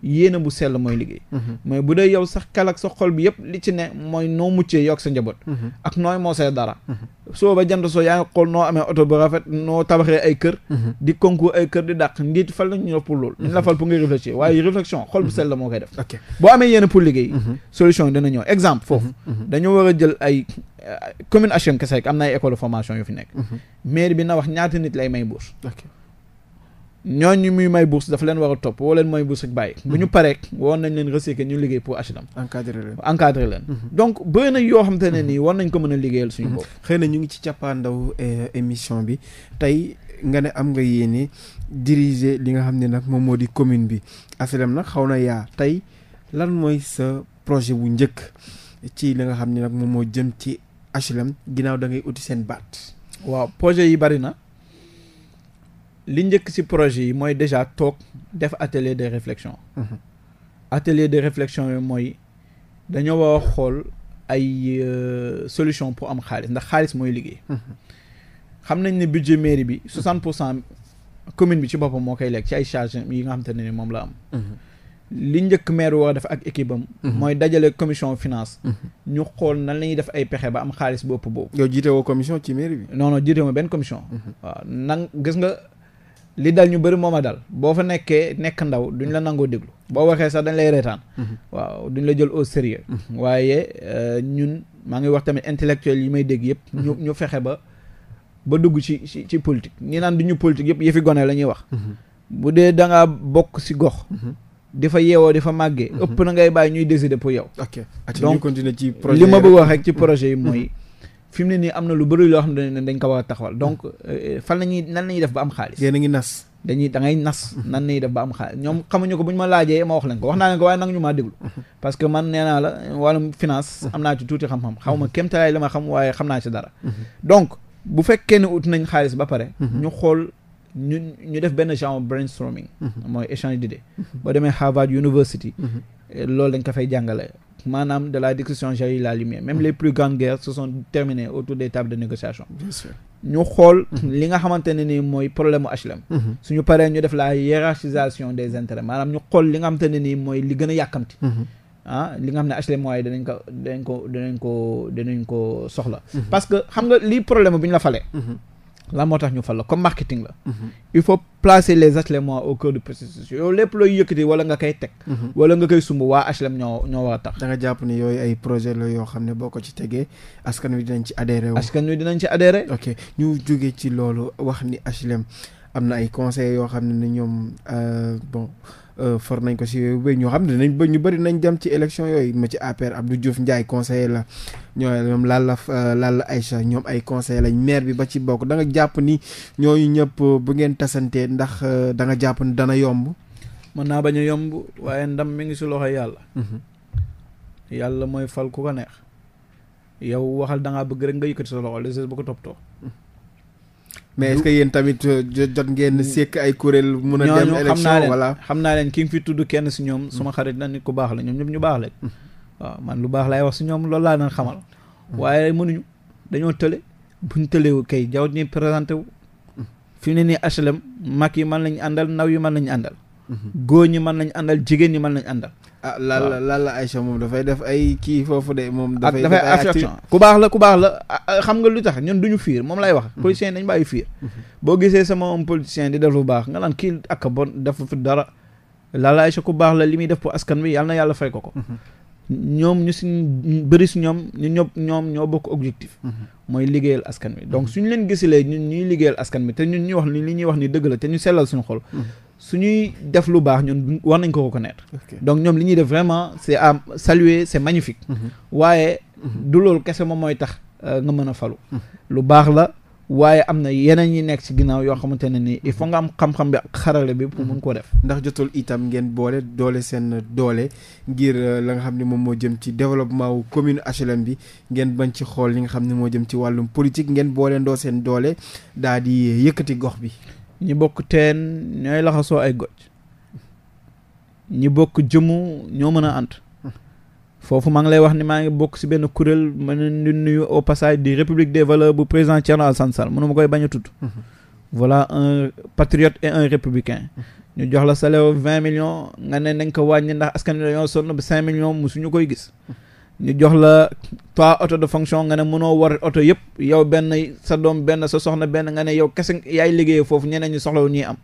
yéene bu sell mooy liggéey mhm. mais bu dee yow sax xel ak sa xol bi yëpp li ci ne mooy noo muccee yokk sa njaboot mhm. ak nooy moo see dara mhm. soo ba jant soo yaa ngi xool noo amee oto noo tabaxee ay kër di concours ay kër di dàq njiit fal nañu la pour loolu ñu la fal pour nga réfléchir waaye réflexion xol bu sell la moo koy def boo amee yéene pour liggéey solution yi dina ñëw exemple foofu dañoo war a jël ay euh, commune HM kese rek am na ay école de formation ñooñu muy may bourse dafa leen war topp woo leen mooy bourse ak bàyyi bu ñu mhm. paree woon nañ leen recycler ñu liggéey pour HLM encadré leen encadré leen mhm. donc bëri na yoo xam ne mhm. nii war nañ ko mën a liggéeyal suñu bopp xëy na ñu ngi ci càppaandaw eh, émission bi tey nga ne am nga yéene diriger li nga xam ne nag moom moo di commune bi HLM nag xaw na yaa tey lan mooy sa projet bu njëkk ci li nga xam ne nag moom moo jëm ci HLM ginnaaw da ngay uti seen baat waaw projet yi bari na li njëkk ci projet yi mooy déjà toog def atelier de réflexion mhm. atelier de réflexion yi mooy dañoo war xool ay euh, solution pour am xaalis ndax xaalis mooy liggéey mhm. xam nañ ne budget mairie bi soixante pour cent commune bi ci boppam moo koy lekk ci ay charge yi nga xam ne ni moom la am mhm. li njëkk maire war def ak équipe am mooy dajale commission finance ñu xool nan la ñuy def ay pexe ba am xaalis bopp boobu yow jiite woo commission ci maire bi non non jiite benn commission li dal ñu bëri moom a dal boo fa nekkee nekk ndaw duñ la nangoo déglu boo waxee sax dañ lay reetaan mhm. waaw duñ la jël au sérieux mhm. waaye euh, ñun maa ngi wax tamit intellectuel yi may dégg yëpp ñu mhm. ñu fexe ba ba dugg ci ci ci politique ñi naan du ñu politique yëpp yëfi gone la ñuy wax bu dee da ngaa bokk si gox di fa yeewoo di fa màggee ëpp na ngay bàyyi ñuy décider pour yow ok donc li ma bëgg wax rek ci projet yi mooy fi mu ne nii am na lu bëri loo xam ne dañ ko war a taxawal donc mm. euh, euh, fan la la ñuy def ba am xaalis. yéen a ngi nas. dañuy da ngay nas mm-hmm. nan nañuy def ba am xaalis ñoom xamuñu ko bu ñu ma laajee ma wax leen ko wax naa ko waaye nag ñu maa déglu mm-hmm. parce que man nee naa la wàllum finance mm-hmm. am naa ci tuuti xam-xam xaw ma kéemtalaay la ma xam waaye xam naa ci dara donc bu fekkee ne ut nañ xaalis ba pare ñu xool ñu ñu def benn genre brainstorming mooy échange d'idées boo demee Harvard University loolu dañ ko fay jàngale maanaam de la discussion jaillit la lumière même les plus grandes guerres se sont terminées autour des tables de négociation bien sûr ñu xool mhm. li nga xamante mooy problème mu HLM mhm. suñu paree ñu def la hiérarchisation des intérêts maanaam ñu xool li nga xamante ne nii mooy li gën a yàkkamti mhm. ah li nga xam ne HLM waaye danañ ko danañ ko danañ soxla parce que xam nga lii problème bi ñu la falee lan moo tax ñu fal la comme marketing la. Mhm. il faut placer les HLM au cœur du processus yow lépp looy yëkkati wala nga koy teg. Mhm. wala nga koy sumb waa HLM ñoo ñoo war a tax. da jàpp ne yooyu ay projet la yoo xam ne boo ko ci tegee askan wi dinañ ci adhéré wu. askan wi dinañ ci adhéré. ok ñu jógee ci loolu wax ni HLM. am na ay conseil yoo xam ne ne ñoom euh, bon euh, for nañ ko si yooyu ba ñoo xam ne ba ñu bari nañ dem ci élection yooyu ma ci ab Abdou Diouf Ndiaye conseiller la ñoom Lalla euh, Lalla Aïcha ñoom ay conseil lañ maire bi ba ci bokk danga jàpp ni ñooñu ñëpp bu ngeen tasantee ndax danga jàpp ni dana yomb. mën naa bañ a yomb waaye ndam mi ngi si loxo yàlla. Mm-hmm. yàlla mooy fal ku ko neex. yow waxal da bëgg rek nga yëkkati sa loxo les bu ko toppatoo. mais est-ce que tamit euh, jot ngeen sekk ay kuréel mun a dem élection voilà xam naa leen ki nga fi tudd kenn si ñoom suma mm. xarit na nit ku baax la ñoom ñëpp ñu baax lañ mm. waaw man lu baax laay wax si ñoom lool laa leen xamal mm. waaye mënuñu dañoo tële buñ tëlewu kay jaww ñi présenté wu fi mu ne nii HLM mag yi man lañ àndal ndaw yi man lañ àndal góor ñi mën nañ àndal jigéen ñi mën nañ àndal. ah Lalla ay Aïcha moom dafay def ay kii foofu de moom. Ah, dafay def ay attraction ku baax la ku baax la ah, ah, xam nga lu tax ñun duñu fiir moom lay wax. Mhm. politicien yi dañu bàyyi fiir. Mhm. boo gisee sama om politicien di def lu baax nga naan kii ak bon defu fi dara Lalla Aïcha ku baax la li muy def pour askan bi yàlla na yàlla fay ko ko. Mhm. ñoom ñu si bëri si ñoom ñu ñëpp ñoom ñoo bokk objectif. mooy liggéeyal askan bi donc suñu leen gisilee ñun ñuy liggéeyal askan bi te ñun ñuy wax ni li ñuy wax ni dëgg la te ñu sellal suñu xol. su ñuy def lu baax ñun war nañ ko ko reconnaître donc ñoom li ñuy def vraiment c'est à saluer c'est magnifique mhm. waaye mhm. du loolu kese moom mooy tax euh, nga mën a falu mhm. lu baax la waaye am na yeneen yi nekk ci ginnaaw yoo xamante ne nii il faut nga am xam-xam bi ak xarale bi pour mun koo def ndax jotul itam ngeen boole doole seen doole ngir euh, la nga xam ne moom moo jëm ci développement wu commune HLM bi ngeen bañ ci xool li nga xam ne moo jëm ci wàllum politique ngeen boole ndoo seen doole daa di yëkkati gox bi ñi bokk teen ñooy laxasoo ay goj ñi bokk jëmu ñoo mën a ant foofu maa ngi lay wax ni maa ngi bokk si benn kuréel mën di nuyu au passage di république des valeurs bu président Thierno Alassane Sall mënu ma koy bañ a tudd voilà un patriote et un républicain ñu jox la salaire vingt millions nga ne nañ ko wàññi ndax askan wi dañoo sonn ba cinq millions musuñu koy gis ñu jox la trois auto de fonction nga ne mënoo war auto yëpp yow benn sa doom benn sa soxna benn nga ne yow kese yaay liggéeyee foofu ñeneen ñu soxlawu ñuy am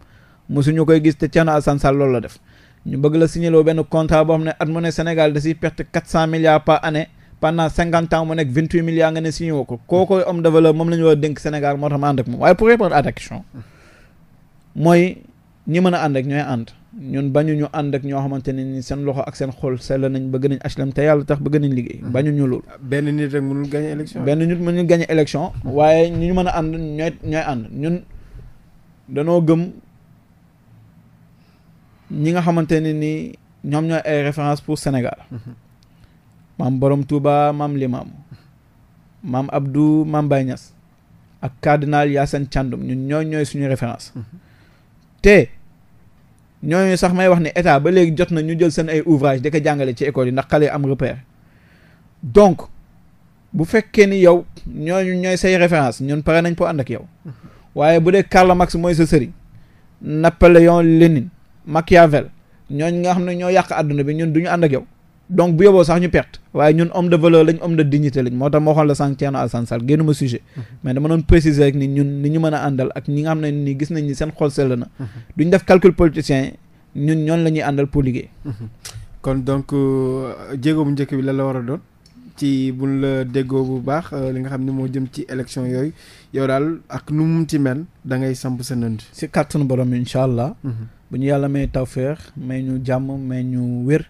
mosuñu koy gis te a Alassane Sall loolu la def ñu bëgg la signaloo benn contrat boo xam ne at mu ne Sénégal da siy perte quatre cent milliards par année pendant cinquante ans mu nekk vingt huit milliards nga ne signé ko kookoy homme de valeur moom la ñu a dénk Sénégal moo tax ma moom waaye pour répondre mooy ñi mën a ànd ak ñun bañuñu ànd ak ñoo xamante ne ni seen loxo ak seen xol sell nañ bëgg nañ HLM te yàlla tax bëgg nañ liggéey mhm. bañuñu loolu. benn nit rek mënul gagné élection. benn nit mënul gagné élection. waaye ñu mën a ànd ñooy ñooy ànd ñun danoo gëm ñi nga xamante ne ni ñoom ñooy ay référence pour Sénégal. Mhm. maam Borom Touba maam Limam maam Abdou maam Baye Niass ak cardinal Yacine Thiandoum ñun ñooy ñooy suñu référence. Mhm. te. ñooñu sax may wax ne état ba léegi jot na ñu jël seen ay ouvrage di ko jàngale ci école yi ndax xale am repère donc bu fekkee ni yow ñooñu ñooy sey référence ñun pare nañ pour ànd ak yow waaye bu dee Karl Marx mooy sa sëriñ Napoléon Lénine Machiavel ñooñu nga xam ne ñoo yàq àdduna bi ñun du ñu ànd ak yow donc bu yóbboo sax ñu perte waaye ñun homme de valeur lañ homme de dignité lañ moo tax ma waxoon la sànq Thierno Alassane mhm. mais dama doon préciser rek ni ñun ni ñu mën a àndal ak ñi nga xam ne ni gis nañ ni seen xol sell na mhm. duñ def calcul politicien ñun ñoon la ñuy àndal pour liggéey mhm. kon donc euh, jéego bu njëkk bi la la war a doon ci buñ la déggoo bu baax euh, li nga xam ne moo jëm ci élection yooyu yow daal ak nu mu ci mel da ngay samp sa nënd si kàttanu borom incha allah bu ñu yàlla may tawféex ñu jàmm may ñu wér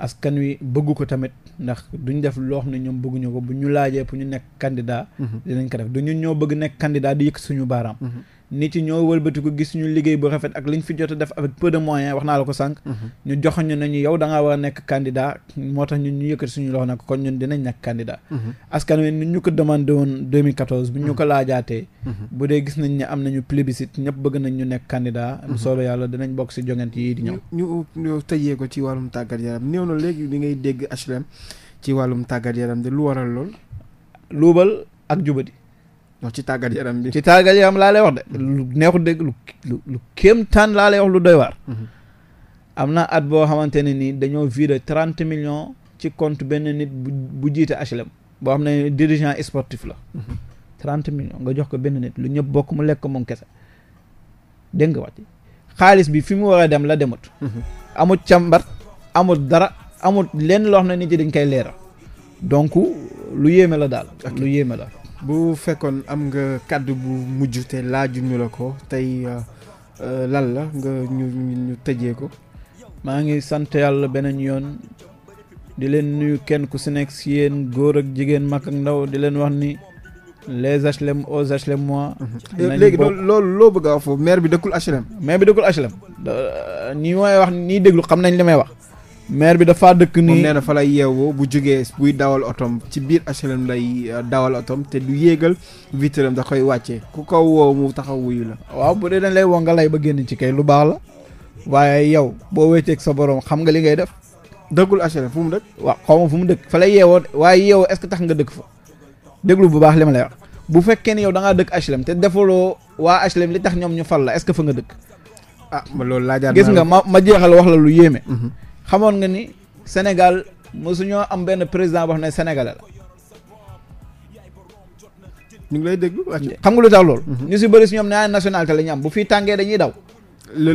askan wi bëgg ko tamit ndax duñ def loo xam ne ñoom bëgguñu ko bu ñu laajee pour ñu nekk candidat mhm. dinañ ko def du ñun ñoo bëgg nekk candidat di yëkk suñu baaraam mhm. nit yi ñoo wëlbati ko gis ñu liggéey bu rafet ak liñ fi jot a def avec peu de moyens wax naa la ko sànq. Mhm. ñu joxoon nañu yow da ngaa war a nekk candidat moo tax ñun ñu yëkkati suñu loxo nag kon ñun dinañ nekk candidat. Mhm. askan wi ni ñu ko demandé woon 2014. bu ñu ko mhm. laajaatee. bu dee gis nañ ne am nañu plébiscite ñëpp bëgg nañ ñu nekk candidat. solo yàlla dinañ bokk si jongante yii di ñëw. ñu ñu tëjee ko ci wàllum tàggat yaram néew na léegi li ngay dégg HLM ci wàllum tàggat yaram de lu waral lool. luubal ak jubadi. non ci tàggat yaram bi ci tàggat yaram laa lay wax de mm-hmm. lu neexut dégg lu lu kéemtaan laa lay wax lu doy waar mm-hmm. am na at boo xamante ne nii dañoo viré trente million ci compte benn nit bu jiite HLM boo xam ne dirigeant sportif la mm-hmm. trent millions nga jox ko benn nit lu ñëpp bokk mu lekk moom kese dégg nga wax xaalis bi fi mu war dem la demut amut càmbar amut dara amut lenn loo xam ne nit ñi dañ koy leeral donc lu yéeme la daal lu yéeme la bu fekkoon am nga kàddu bu mujj te laajuñu la ko tey euh, euh, lan la nga ñu ñu tëjee ko. maa ngi sant yàlla beneen yoon di leen nuyu kenn ku si nekk si yéen góor ak jigéen mag ak ndaw di leen wax ni. les HLM aux HLM moi. Mhm. léegi loolu loo bëgg a wax foofu maire bi dëkkul HLM. maire bi dëkkul HLM. ñi may wax ñiy déglu xam nañ li may wax. maire bi dafa dëkk ni nee na fa la yeewoo bu jógee buy dawal otom ci biir HLM lay euh, dawal otom te du yéegal vitre am da koy wàccee ku kaw woo mu taxaw wuyu la waaw bu dee dañ lay woo nga lay ba génn ci kay lu baax la waaye yow boo wéeteeg sa borom xam nga li ngay def dëkkul HLM fu mu dëkk waaw xaw fu mu dëkk fa yeewoo waaye est-ce que tax nga dëkk fa déglu bu baax li ma lay wax bu fekkee ni yow da dëkk HLM te defaloo waa HLM li tax ñoom ñu fal la est-ce que fa nga dëkk ah loolu laajaat gis nga ma ma jeexal wax la lu yéeme mhm. xamoon nga ni Sénégal mosuñoo am benn président wax ne sénégalais la. ñu ngi lay déglu xam nga lu tax loolu. Mhm. ñu si bëri si ñoom nee nationalité la ñu am bu fii tàngee dañuy daw.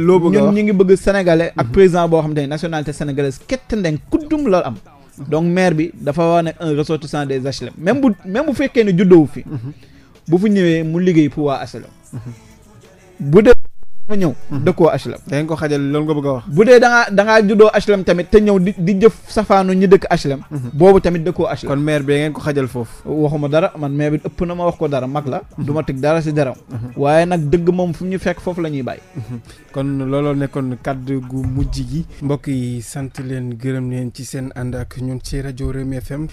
loo bëgg ñun ñu ngi bëgg sénégalais. ak mhm. président boo xam te ne nationalité sénégalaise kett ndeng kuddum la am. Mhm. donc maire bi dafa war ne un ressortissant des HLM même bu même bu fekkee ne juddoowu fi. bu fi ñëwee mu liggéey pour waa HLM. bu dee dafa ñëw mhm. dëkkoo HLM dañ ko xajal loolu nga bëgg a wax bu dee dangaa dangaa juddoo HLM tamit te ñëw di di jëf safaanu ñi dëkk HLM mhm. boobu tamit dëkkoo HLM kon maire bi ngeen ko xajal foofu waxuma dara man maire bi ëpp na ma wax ko dara mag la mhm. du ma tëg dara si dara waaye nag dëgg moom fu ñu fekk foofu lañuy ñuy bàyyi kon looloo nekkoon kàddu gu mujj gi mbokk yi sant leen gërëm neen ci seen ànd ak ñun ci rajo Rewmi FM